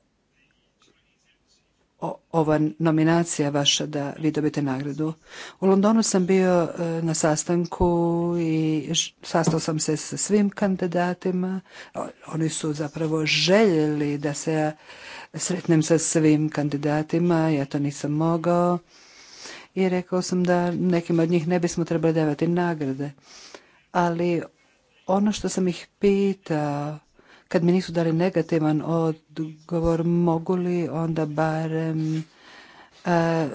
ova nominacija vaša da vi dobite nagradu. U Londonu sam bio e, na sastanku i sastao sam se sa svim kandidatima. Oni su zapravo željeli da se ja sretnem sa svim kandidatima. Ja to nisam mogao i rekao sam da nekim od njih ne bismo trebali davati nagrade. Ali ono što sam ih pitao kad mi nisu dali negativan odgovor, mogu li onda barem e,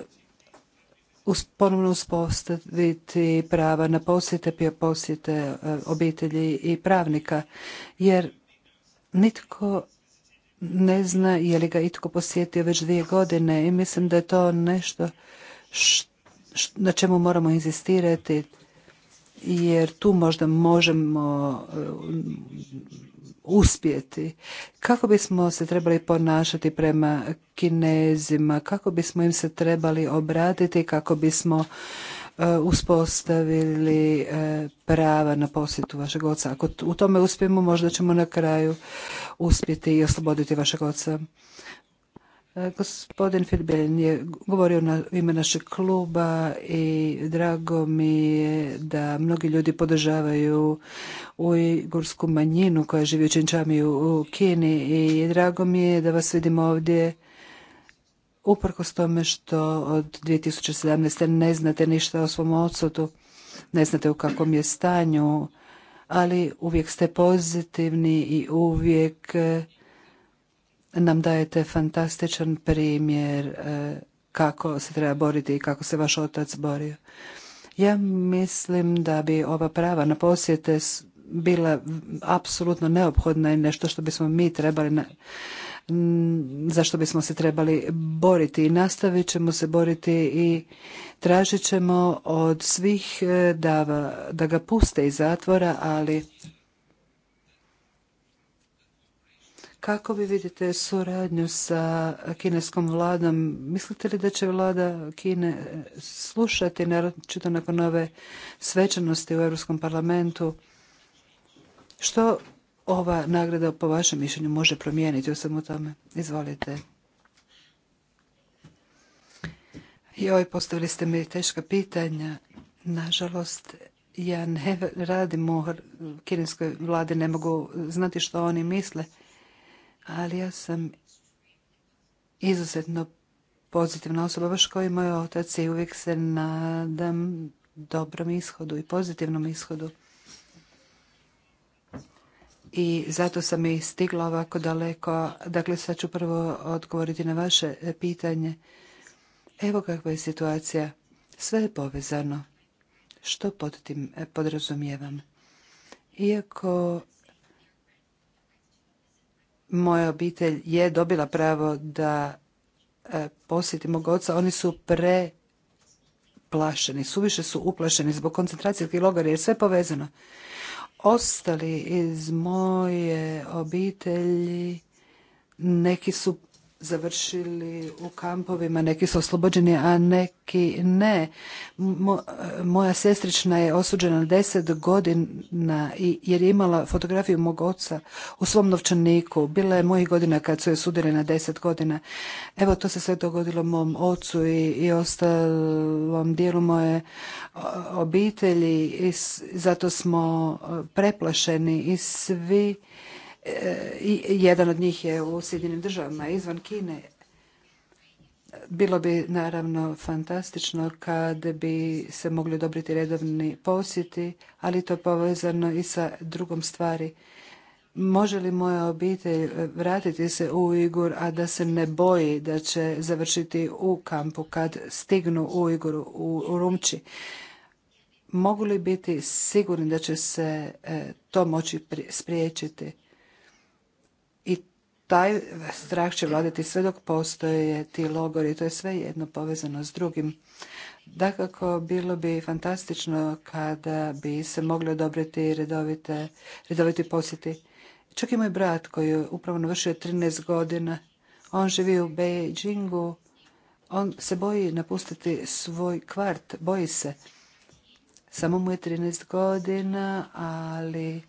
ponovno uspostaviti prava na posjete, pio posjete e, obitelji i pravnika, jer nitko ne zna je li ga itko posjetio već dvije godine i mislim da je to nešto na čemu moramo inzistirati jer tu možda možemo e, uspjeti. Kako bismo se trebali ponašati prema kinezima, kako bismo im se trebali obratiti, kako bismo e, uspostavili e, prava na posjetu vašeg oca. Ako u tome uspijemo, možda ćemo na kraju uspjeti i osloboditi vašeg oca. Gospodin Filben je govorio na ime našeg kluba i drago mi je da mnogi ljudi podržavaju ujgursku manjinu koja živi u Činčami u Kini i drago mi je da vas vidim ovdje uprkos tome što od 2017. ne znate ništa o svom odsutu, ne znate u kakvom je stanju, ali uvijek ste pozitivni i uvijek nam dajete fantastičan primjer e, kako se treba boriti i kako se vaš otac borio. Ja mislim da bi ova prava na posjete bila apsolutno neophodna i nešto što bismo mi trebali na, zašto bismo se trebali boriti i nastavit ćemo se boriti i tražit ćemo od svih e, da, da ga puste iz zatvora, ali Kako vi vidite suradnju sa kineskom vladom? Mislite li da će vlada Kine e, slušati, naročito nakon ove svečanosti u Europskom parlamentu? Što ova nagrada po vašem mišljenju može promijeniti u svemu tome? Izvolite. Joj, postavili ste mi teška pitanja. Nažalost, ja ne radim u kineskoj vladi, ne mogu znati što oni misle ali ja sam izuzetno pozitivna osoba, baš kao i moj otac i uvijek se nadam dobrom ishodu i pozitivnom ishodu. I zato sam i stigla ovako daleko. Dakle, sad ću prvo odgovoriti na vaše pitanje. Evo kakva je situacija. Sve je povezano. Što pod tim podrazumijevam? Iako moja obitelj je dobila pravo da e, posjeti mog Oni su preplašeni, suviše su uplašeni zbog koncentracijskih logora jer je sve povezano. Ostali iz moje obitelji neki su završili u kampovima, neki su oslobođeni, a neki ne. moja sestrična je osuđena deset godina i, jer je imala fotografiju mog oca u svom novčaniku. Bila je mojih godina kad su je sudili na deset godina. Evo, to se sve dogodilo mom ocu i, i ostalom dijelu moje obitelji i zato smo e, preplašeni i svi jedan od njih je u Sjedinim državama, izvan Kine. Bilo bi naravno fantastično kad bi se mogli odobriti redovni posjeti, ali to je povezano i sa drugom stvari. Može li moja obitelj vratiti se u Igur, a da se ne boji da će završiti u kampu kad stignu u Uiguru u Rumči? Mogu li biti sigurni da će se e, to moći spriječiti? taj strah će vladati sve dok postoje ti logori. To je sve jedno povezano s drugim. Dakako, bilo bi fantastično kada bi se mogli odobriti redovite, redoviti posjeti. Čak i moj brat koji je upravo navršio 13 godina, on živi u Beijingu, on se boji napustiti svoj kvart, boji se. Samo mu je 13 godina, ali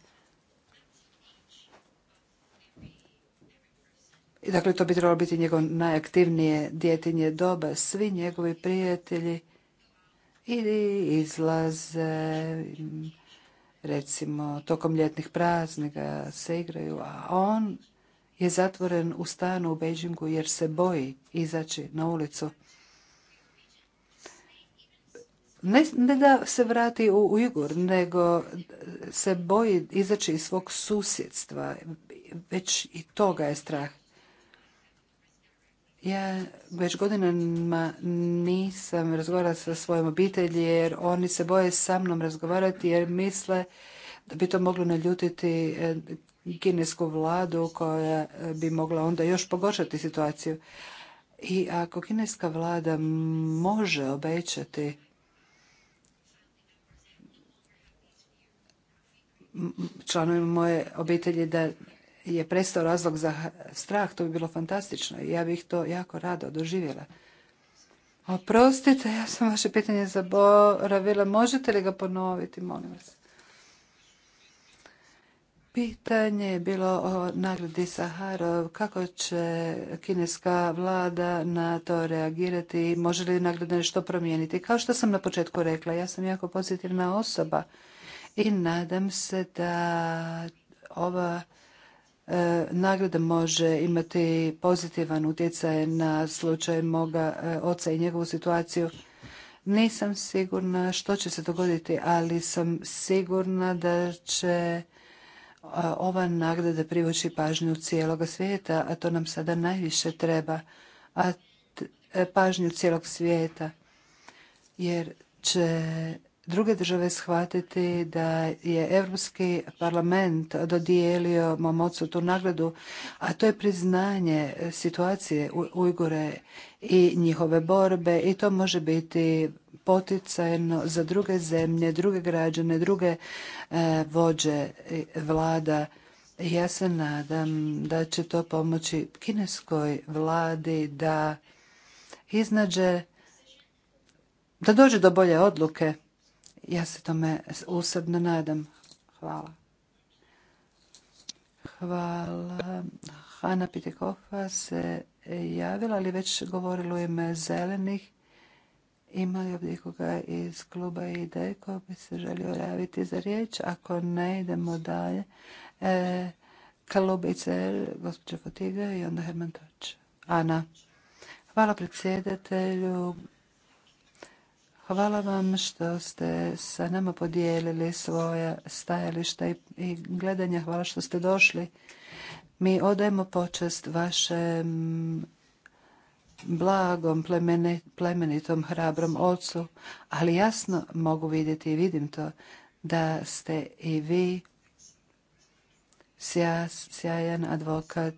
I dakle, to bi trebalo biti njegov najaktivnije djetinje doba. Svi njegovi prijatelji ili izlaze, recimo, tokom ljetnih praznika se igraju, a on je zatvoren u stanu u Beijingu jer se boji izaći na ulicu. Ne, ne da se vrati u Ujgur, nego se boji izaći iz svog susjedstva. Već i toga je strah. Ja već godinama nisam razgovarala sa svojom obitelji jer oni se boje sa mnom razgovarati jer misle da bi to moglo naljutiti e, kinesku vladu koja e, bi mogla onda još pogoršati situaciju. I ako kineska vlada može obećati članovima moje obitelji da je prestao razlog za strah, to bi bilo fantastično i ja bih to jako rado doživjela. Oprostite, ja sam vaše pitanje zaboravila. Možete li ga ponoviti, molim vas? Pitanje je bilo o nagradi Saharov. Kako će kineska vlada na to reagirati? Može li nagrada nešto promijeniti? Kao što sam na početku rekla, ja sam jako pozitivna osoba i nadam se da ova E, nagrada može imati pozitivan utjecaj na slučaj moga e, oca i njegovu situaciju. Nisam sigurna što će se dogoditi, ali sam sigurna da će e, ova nagrada privući pažnju cijeloga svijeta, a to nam sada najviše treba, a pažnju cijelog svijeta, jer će druge države shvatiti da je Europski parlament dodijelio Momocu tu nagradu, a to je priznanje situacije Ujgure i njihove borbe i to može biti poticajno za druge zemlje, druge građane, druge e, vođe vlada. Ja se nadam da će to pomoći kineskoj vladi da iznađe da dođe do bolje odluke ja se tome usadno nadam. Hvala. Hvala. Hanna Pitekova se javila, ali već govorilo ime zelenih. Ima li ovdje koga iz kluba IDE ko bi se želio javiti za riječ? Ako ne, idemo dalje. E, klub gospođa Fotiga i onda Herman Toč. Ana. Hvala predsjedatelju, Hvala vam što ste sa nama podijelili svoja stajališta i gledanja. Hvala što ste došli. Mi odajemo počest vašem blagom, plemenitom, hrabrom ocu, ali jasno mogu vidjeti i vidim to da ste i vi sjajan advokat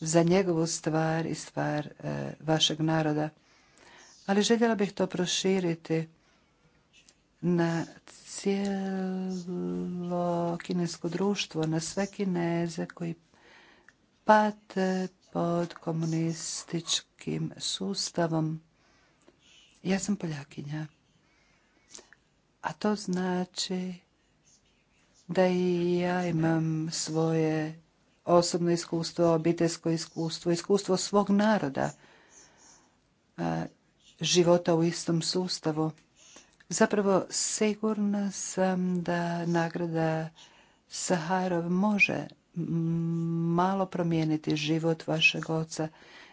za njegovu stvar i stvar e, vašeg naroda ali željela bih to proširiti na cijelo kinesko društvo, na sve kineze koji pate pod komunističkim sustavom. Ja sam Poljakinja, a to znači da i ja imam svoje osobno iskustvo, obiteljsko iskustvo, iskustvo svog naroda života u istom sustavu. Zapravo sigurna sam da nagrada Saharov može malo promijeniti život vašeg oca.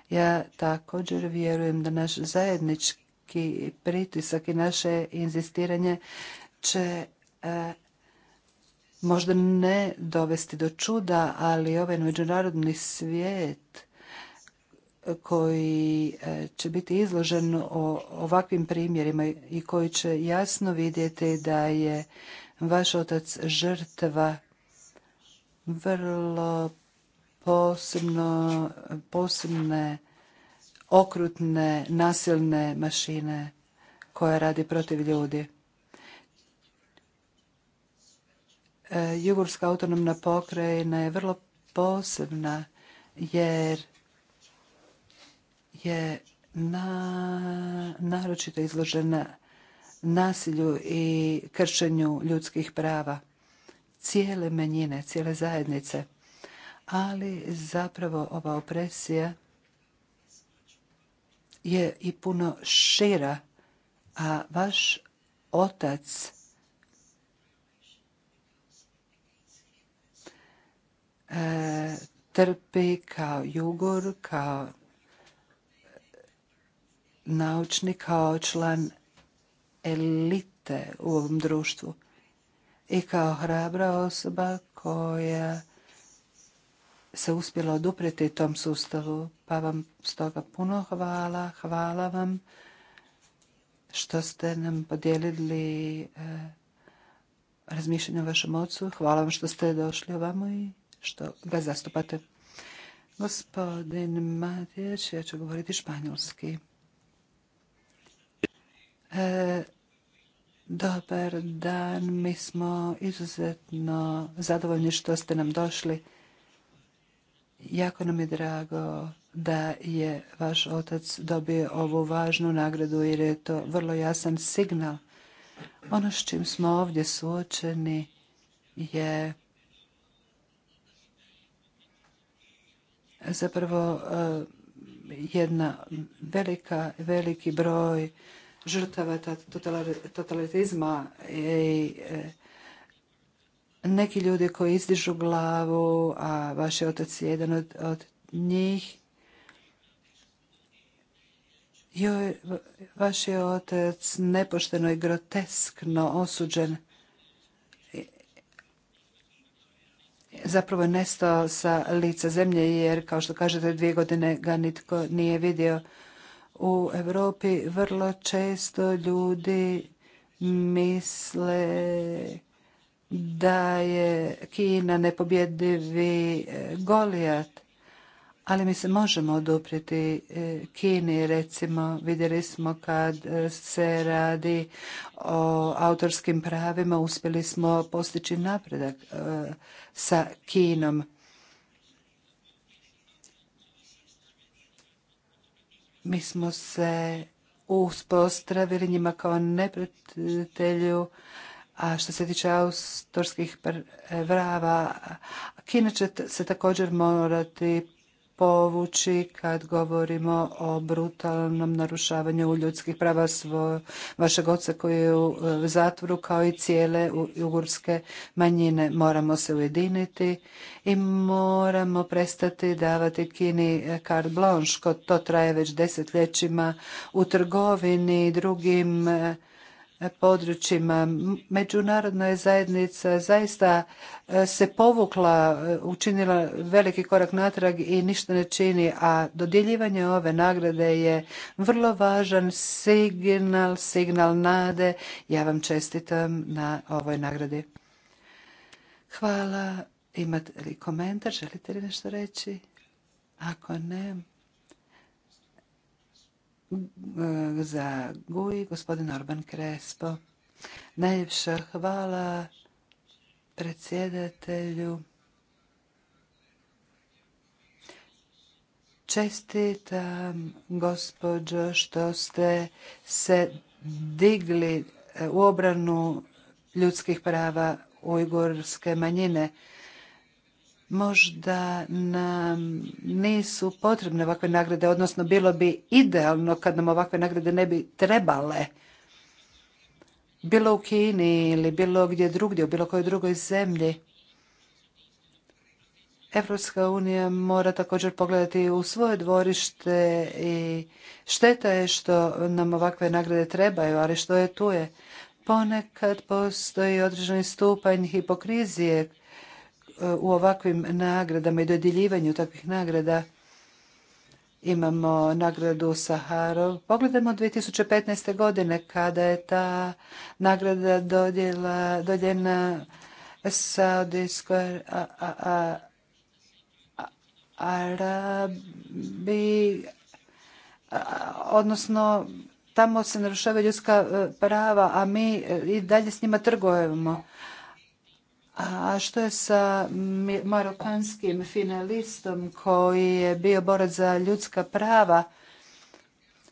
Ja također vjerujem da naš zajednički pritisak i naše inzistiranje će e, možda ne dovesti do čuda, ali ovaj međunarodni svijet koji e, će biti izložen ovakvim primjerima i koji će jasno vidjeti da je vaš otac žrtva vrlo posebno, posebne okrutne nasilne mašine koja radi protiv ljudi. E, Jugurska autonomna pokrajina je vrlo posebna jer je na, naročito izložena nasilju i kršenju ljudskih prava. Cijele menjine, cijele zajednice. Ali zapravo ova opresija je i puno šira, a vaš otac e, trpi kao jugur, kao naučni kao član elite u ovom društvu i kao hrabra osoba koja se uspjela odupreti tom sustavu. Pa vam stoga puno hvala, hvala vam što ste nam podijelili e, razmišljanje o vašem ocu. Hvala vam što ste došli ovamo i što ga zastupate. Gospodin Matijač, ja ću govoriti španjolski. E, dobar dan, mi smo izuzetno zadovoljni što ste nam došli. Jako nam je drago da je vaš otac dobio ovu važnu nagradu jer je to vrlo jasan signal. Ono s čim smo ovdje suočeni je zapravo e, jedna velika, veliki broj žrtava totalitizma i e, neki ljudi koji izdižu glavu, a vaš otac je jedan od, od njih. Joj, vaš je otac nepošteno i groteskno osuđen. Zapravo je nestao sa lica zemlje jer, kao što kažete, dvije godine ga nitko nije vidio u Europi vrlo često ljudi misle da je Kina nepobjedivi e, Golijat, ali mi se možemo oduprijeti e, Kini. Recimo, vidjeli smo kad e, se radi o autorskim pravima, uspjeli smo postići napredak sa Kinom. Mi smo se uspostravili njima kao neprijatelju, a što se tiče autorskih e, prava, Kina će se također morati povući kad govorimo o brutalnom narušavanju ljudskih prava svo, vašeg oca koji je u zatvoru kao i cijele ugurske manjine. Moramo se ujediniti i moramo prestati davati Kini carte blanche. To traje već desetljećima u trgovini i drugim područjima. Međunarodna je zajednica zaista e, se povukla, e, učinila veliki korak natrag i ništa ne čini, a dodjeljivanje ove nagrade je vrlo važan signal, signal nade. Ja vam čestitam na ovoj nagradi. Hvala. Imate li komentar? Želite li nešto reći? Ako ne, Mm, e, za Guj, gospodin Orban Krespo. Najljepša hvala predsjedatelju. Čestitam, gospođo, što ste se digli u obranu ljudskih prava ujgurske manjine možda nam nisu potrebne ovakve nagrade, odnosno bilo bi idealno kad nam ovakve nagrade ne bi trebale. Bilo u Kini ili bilo gdje drugdje, u bilo kojoj drugoj zemlji. Evropska unija mora također pogledati u svoje dvorište i šteta je što nam ovakve nagrade trebaju, ali što je tu je. Ponekad postoji određeni stupanj hipokrizije u ovakvim nagradama i dodjeljivanju takvih nagrada imamo nagradu Saharov. Pogledajmo 2015. godine kada je ta nagrada dodjela, dodjena Saudijskoj Arabi, odnosno tamo se narušavaju ljudska e, prava, a mi e, i dalje s njima trgujemo. A što je sa marokanskim finalistom koji je bio borac za ljudska prava?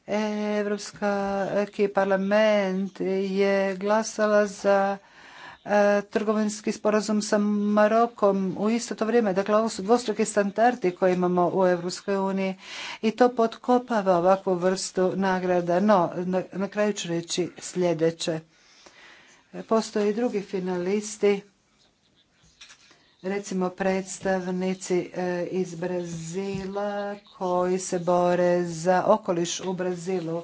E, Evropski parlament je glasala za e, trgovinski sporazum sa Marokom u isto to vrijeme. Dakle, ovo su dvostruke standardi koje imamo u Europskoj uniji i to potkopava ovakvu vrstu nagrada. No, na kraju ću reći sljedeće. Postoje i drugi finalisti recimo predstavnici e, iz Brazila koji se bore za okoliš u Brazilu.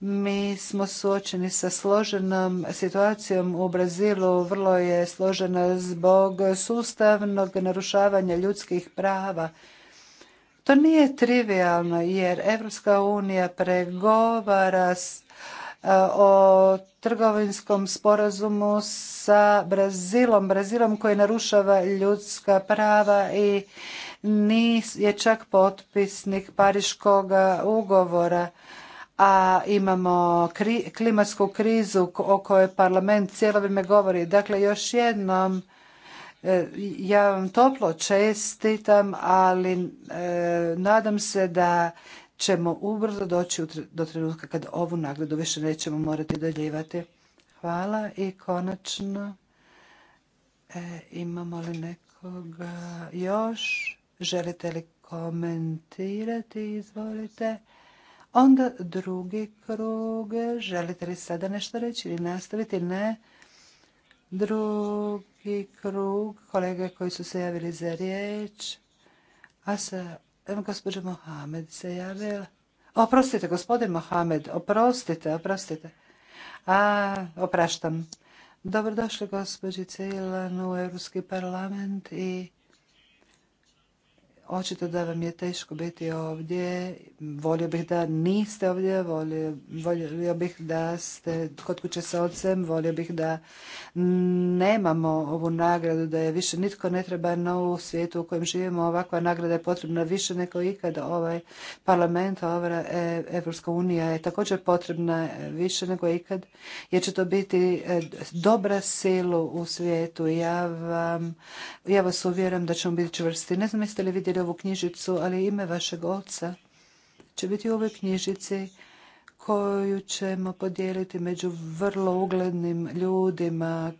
Mi smo suočeni sa složenom situacijom u Brazilu, vrlo je složena zbog sustavnog narušavanja ljudskih prava. To nije trivialno jer Evropska unija pregovara s o trgovinskom sporazumu sa Brazilom, Brazilom koji narušava ljudska prava i nis je čak potpisnik Pariškog ugovora a imamo klimatsku krizu o kojoj parlament cijelo vrijeme govori. Dakle, još jednom e, ja vam toplo čestitam, ali e, nadam se da ćemo ubrzo doći do trenutka kad ovu nagradu više nećemo morati dodjeljivati Hvala i konačno e, imamo li nekoga još? Želite li komentirati? Izvolite. Onda drugi krug. Želite li sada nešto reći ili nastaviti? Ne. Drugi krug. Kolege koji su se javili za riječ. A sa Gospođo Mohamed se javila. Oprostite, gospodin Mohamed, oprostite, oprostite. A, opraštam. Dobrodošli, gospođi Cejlan, u Europski parlament i Očito da vam je teško biti ovdje. Volio bih da niste ovdje, volio, bih da ste kod kuće sa ocem, volio bih da nemamo ovu nagradu, da je više nitko ne treba na u svijetu u kojem živimo. Ovakva nagrada je potrebna više nego ikad. Ovaj parlament, ova e, Evropska unija je također potrebna više nego ikad, jer će to biti e, dobra silu u svijetu. Ja, ja vas uvjeram da ćemo biti čvrsti. Ne znam jeste li vidjeli ovu knjižicu, ali ime vašeg oca će biti u ovoj knjižici koju ćemo podijeliti među vrlo uglednim ljudima.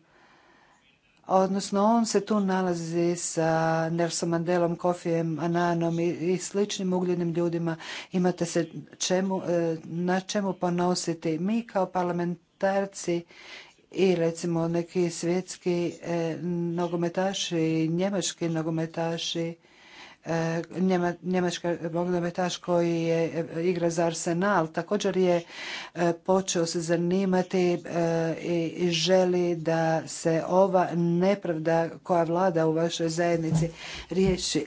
Odnosno, on se tu nalazi sa Nelson Mandelom, Kofijem, Ananom i, i sličnim uglednim ljudima. Imate se čemu, e, na čemu ponositi. Mi kao parlamentarci i recimo neki svjetski e, nogometaši, njemački nogometaši, E, njemačka bogdometaš koji je e, igra za Arsenal također je e, počeo se zanimati i želi da se ova nepravda koja vlada u vašoj zajednici riješi.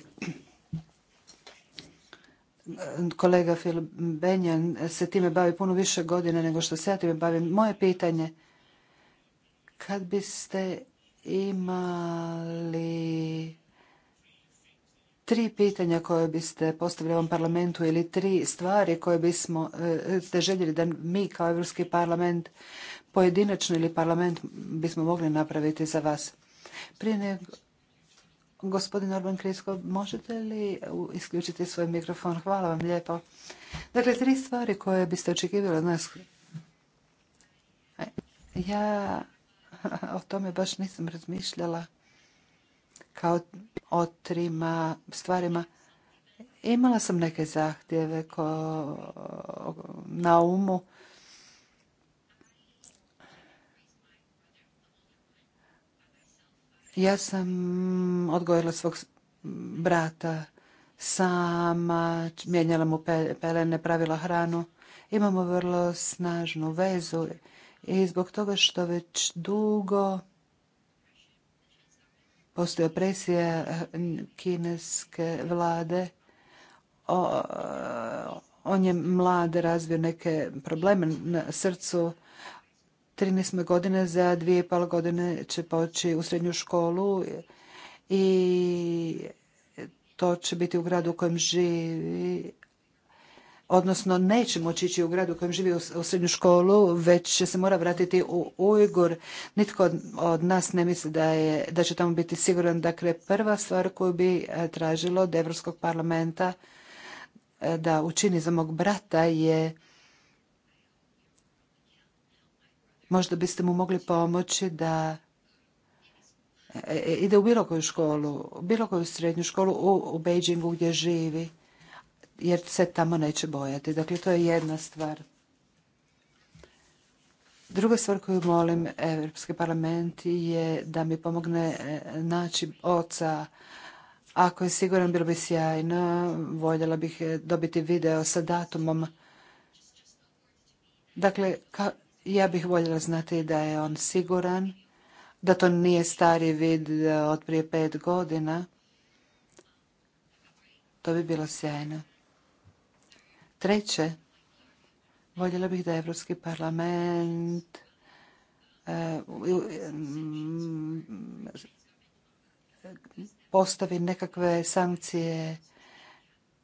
Kolega Phil Benjan se time bavi puno više godina nego što se ja time bavim. Moje pitanje, kad biste imali tri pitanja koje biste postavili ovom parlamentu ili tri stvari koje bismo e, ste željeli da mi kao Europski parlament pojedinačno ili parlament bismo mogli napraviti za vas. Prije nego Gospodin Orban Krisko, možete li isključiti svoj mikrofon? Hvala vam lijepo. Dakle, tri stvari koje biste očekivali od nas. E, ja o tome baš nisam razmišljala kao o trima stvarima. Imala sam neke zahtjeve ko, na umu. Ja sam odgojila svog brata sama, mijenjala mu pelene, pravila hranu. Imamo vrlo snažnu vezu i zbog toga što već dugo postoji opresija eh, kineske vlade. Eh, on je mlad razvio neke probleme na srcu. 13. godine za dvije i pol godine će poći u srednju školu i to će biti u gradu u kojem živi odnosno neće moći ići u grad u kojem živi u srednju školu, već će se mora vratiti u Ujgur. Nitko od nas ne misli da, je, da će tamo biti siguran. Dakle, prva stvar koju bi e, tražilo od Evropskog parlamenta e, da učini za mog brata je možda biste mu mogli pomoći da e, ide u bilo koju školu, bilo koju srednju školu u, u Beijingu gdje živi jer se tamo neće bojati. Dakle, to je jedna stvar. Druga stvar koju molim Europski parlament je da mi pomogne e, naći oca. Ako je siguran, bilo bi sjajno. Voljela bih e, dobiti video sa datumom. Dakle, ja bih voljela znati da je on siguran, da to nije stari vid e, od prije pet godina. To bi bilo sjajno. Treće, voljela bih da Europski parlament e, mm, postavi nekakve sankcije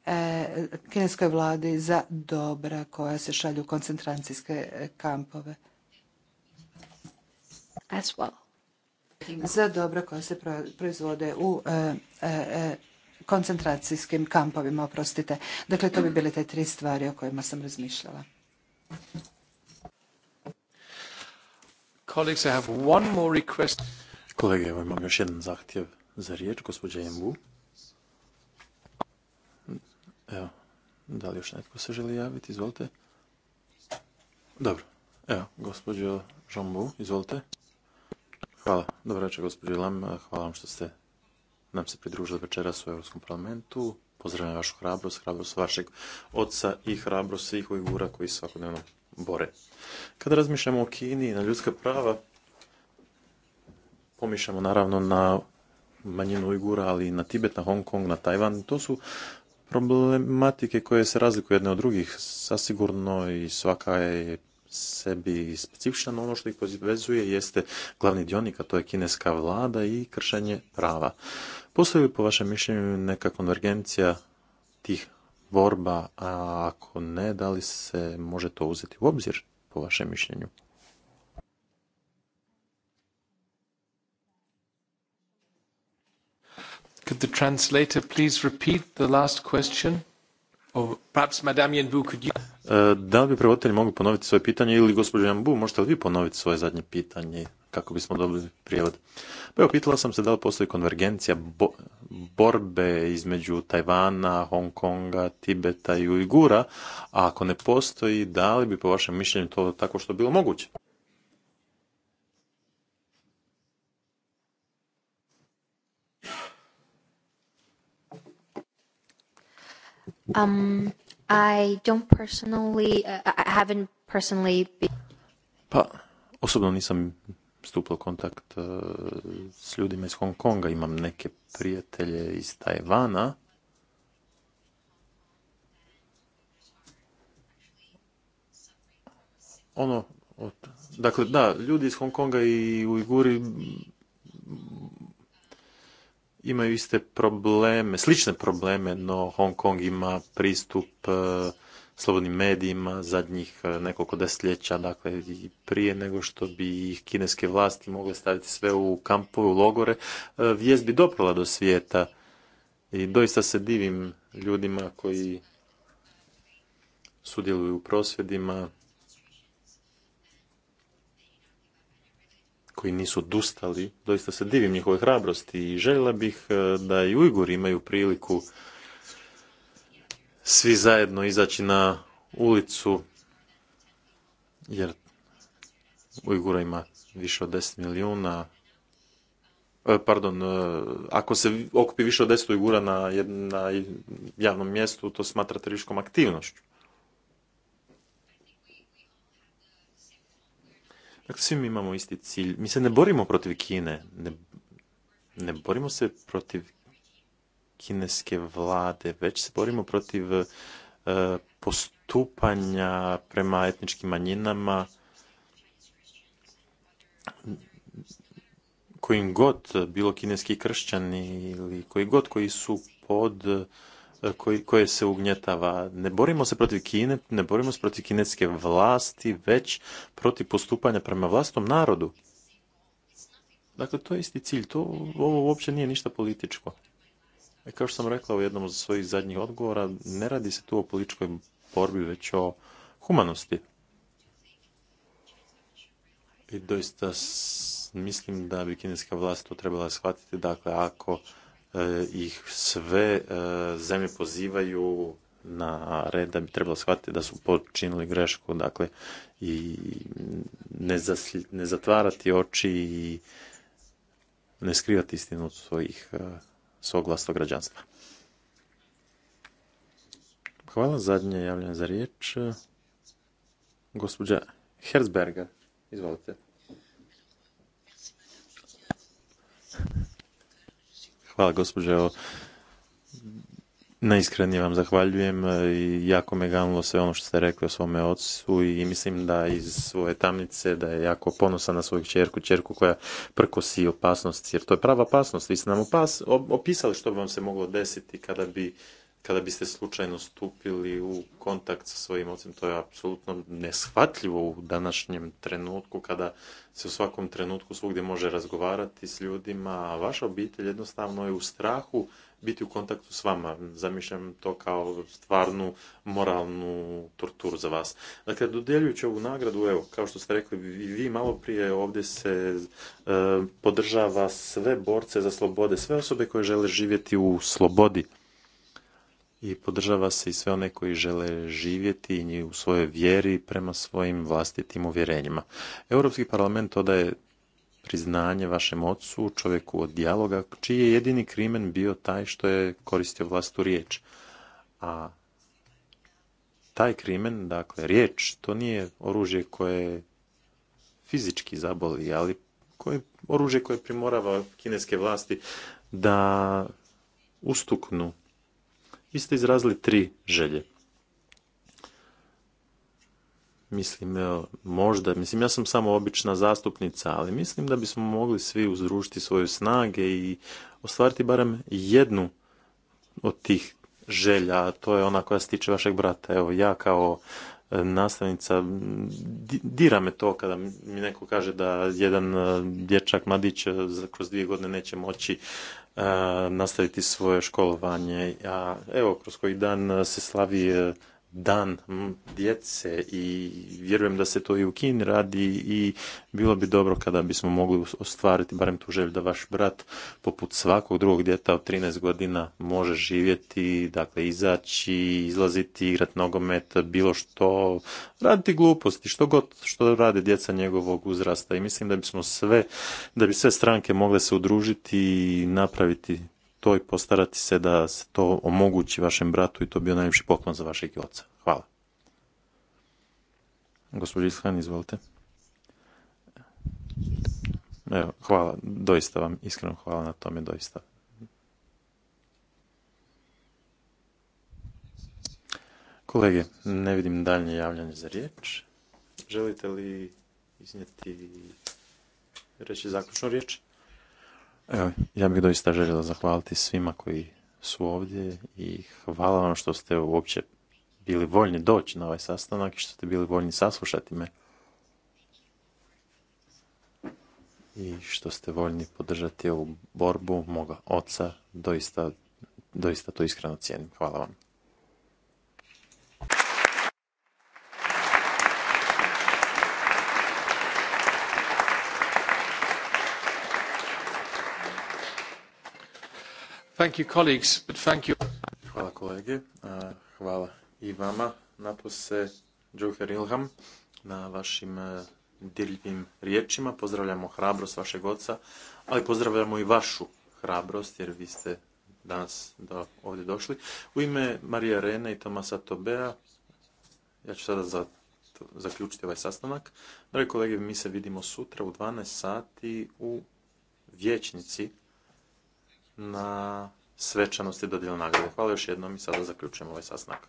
e, kineskoj vladi za dobra koja se šalju u koncentracijske kampove. Za dobra koja se proizvode u e, koncentracijskim kampovima, oprostite. Dakle, to bi bile te tri stvari o kojima sam razmišljala. one more request. Kolege, imam još jedan zahtjev za riječ, gospođa Jembu. Evo, da li još netko se želi javiti? Izvolite. Dobro, evo, gospođo Jembu, izvolite. Hvala, dobro večer, gospođo Lam, hvala vam što ste nam se pridružili večeras u Europskom parlamentu. Pozdravljam vašu hrabrost, hrabrost vašeg oca i hrabrost svih Ujgura koji svakodnevno bore. Kada razmišljamo o Kini i na ljudska prava, pomišljamo naravno na manjinu Ujgura, ali i na Tibet, na Hong Kong, na Tajvan. To su problematike koje se razlikuju jedne od drugih. Sasigurno i svaka je sebi specifičan, ono što ih povezuje jeste glavni dionik, a to je kineska vlada i kršenje prava. Postoji li po vašem mišljenju neka konvergencija tih borba, a ako ne, da li se može to uzeti u obzir po vašem mišljenju? Could the translator please repeat the last question? Oh, e, da li bi prevoditelji mogli ponoviti svoje pitanje ili gospođo Jambu, možete li vi ponoviti svoje zadnje pitanje kako bismo dobili prijevod? Pa evo, pitala sam se da li postoji konvergencija borbe između Tajvana, Hong Konga, Tibeta i Ujgura, a ako ne postoji, da li bi po vašem mišljenju to tako što bilo moguće? Um, I don't personally, uh, I haven't personally Pa, osobno nisam stupio u kontakt uh, s ljudima iz Hong Konga. Imam neke prijatelje iz Tajvana. Ono, dakle, da, ljudi iz Hong Konga i Ujguri imaju iste probleme, slične probleme, no Hong Kong ima pristup e, slobodnim medijima zadnjih e, nekoliko desetljeća, dakle i prije nego što bi ih kineske vlasti mogle staviti sve u kampove, u logore, e, vijest bi doprala do svijeta i doista se divim ljudima koji sudjeluju u prosvjedima, koji nisu odustali, doista se divim njihove hrabrosti i željela bih e, da i Ujguri imaju priliku svi zajedno izaći na ulicu, jer Ujgura ima više od 10 milijuna, e, pardon, e, ako se okupi više od 10 Ujgura na, na javnom mjestu, to smatra teriškom aktivnošću. Dakle, svi mi imamo isti cilj. Mi se ne borimo protiv Kine. Ne, ne borimo se protiv kineske vlade, već se borimo protiv e, postupanja prema etničkim manjinama kojim god, bilo kineski kršćani ili koji god koji su pod koje se ugnjetava. Ne borimo se protiv Kine, ne borimo se protiv kineske vlasti, već protiv postupanja prema vlastnom narodu. Dakle, to je isti cilj. To, ovo uopće nije ništa političko. E, kao što sam rekla u jednom od svojih zadnjih odgovora, ne radi se tu o političkoj borbi, već o humanosti. I doista mislim da bi kineska vlast to trebala shvatiti. Dakle, ako E, ih sve e, zemlje pozivaju na red da bi trebalo shvatiti da su počinili grešku, dakle i ne, ne zatvarati oči i ne skrivati istinu svojih, e, svog vlastnog građanstva. Hvala, zadnje javljanje za riječ. Gospođa Herzberger, izvolite. Hvala gospođo. Najiskrenije vam zahvaljujem i jako me ganulo sve ono što ste rekli o svome ocu i mislim da iz svoje tamnice da je jako ponosan na svoju čerku, čerku koja prkosi opasnost, jer to je prava opasnost. Vi ste nam opisali što bi vam se moglo desiti kada bi kada biste slučajno stupili u kontakt sa svojim ocem, to je apsolutno neshvatljivo u današnjem trenutku, kada se u svakom trenutku svugdje može razgovarati s ljudima, a vaša obitelj jednostavno je u strahu biti u kontaktu s vama. Zamišljam to kao stvarnu moralnu torturu za vas. Dakle, dodjeljujući ovu nagradu, evo, kao što ste rekli vi malo prije, ovdje se e, podržava sve borce za slobode, sve osobe koje žele živjeti u slobodi i podržava se i sve one koji žele živjeti u svojoj vjeri prema svojim vlastitim uvjerenjima. Europski parlament odaje priznanje vašem ocu, čovjeku od dijaloga, čiji je jedini krimen bio taj što je koristio vlastu riječ. A taj krimen, dakle riječ, to nije oružje koje fizički zaboli, ali koje, oružje koje primorava kineske vlasti da ustuknu vi ste izrazili tri želje. Mislim, možda, mislim, ja sam samo obična zastupnica, ali mislim da bismo mogli svi uzrušiti svoje snage i ostvariti barem jednu od tih želja, a to je ona koja se tiče vašeg brata. Evo, ja kao nastavnica, dira me to kada mi neko kaže da jedan e, dječak mladić e, kroz dvije godine neće moći e, nastaviti svoje školovanje. A evo, kroz koji dan se slavi dan djece i vjerujem da se to i u Kini radi i bilo bi dobro kada bismo mogli ostvariti barem tu želju da vaš brat poput svakog drugog djeta od 13 godina može živjeti, dakle izaći, izlaziti, igrati nogomet, bilo što, raditi gluposti, što god što rade djeca njegovog uzrasta i mislim da bismo sve, da bi sve stranke mogle se udružiti i napraviti to i postarati se da se to omogući vašem bratu i to bio najljepši poklon za vašeg oca. Hvala. Gospodin Ishan, izvolite. Evo, hvala, doista vam, iskreno hvala na tome, doista. Kolege, ne vidim dalje javljanje za riječ. Želite li iznijeti reći zaključnu riječ? Evo, ja bih doista željela zahvaliti svima koji su ovdje i hvala vam što ste uopće bili voljni doći na ovaj sastanak i što ste bili voljni saslušati me. I što ste voljni podržati ovu borbu moga oca, doista, doista to iskreno cijenim. Hvala vam. Hvala kolege, hvala i vama, napose Joker Ilham, na vašim e, dirljivim riječima. Pozdravljamo hrabrost vašeg oca, ali pozdravljamo i vašu hrabrost, jer vi ste danas ovdje došli. U ime Marija Rene i Tomasa Tobea, ja ću sada zaključiti ovaj sastanak. Dragi kolege, mi se vidimo sutra u 12 sati u Vječnici na svečanosti dodjela nagrade. Hvala još jednom i sada zaključujemo ovaj sastanak.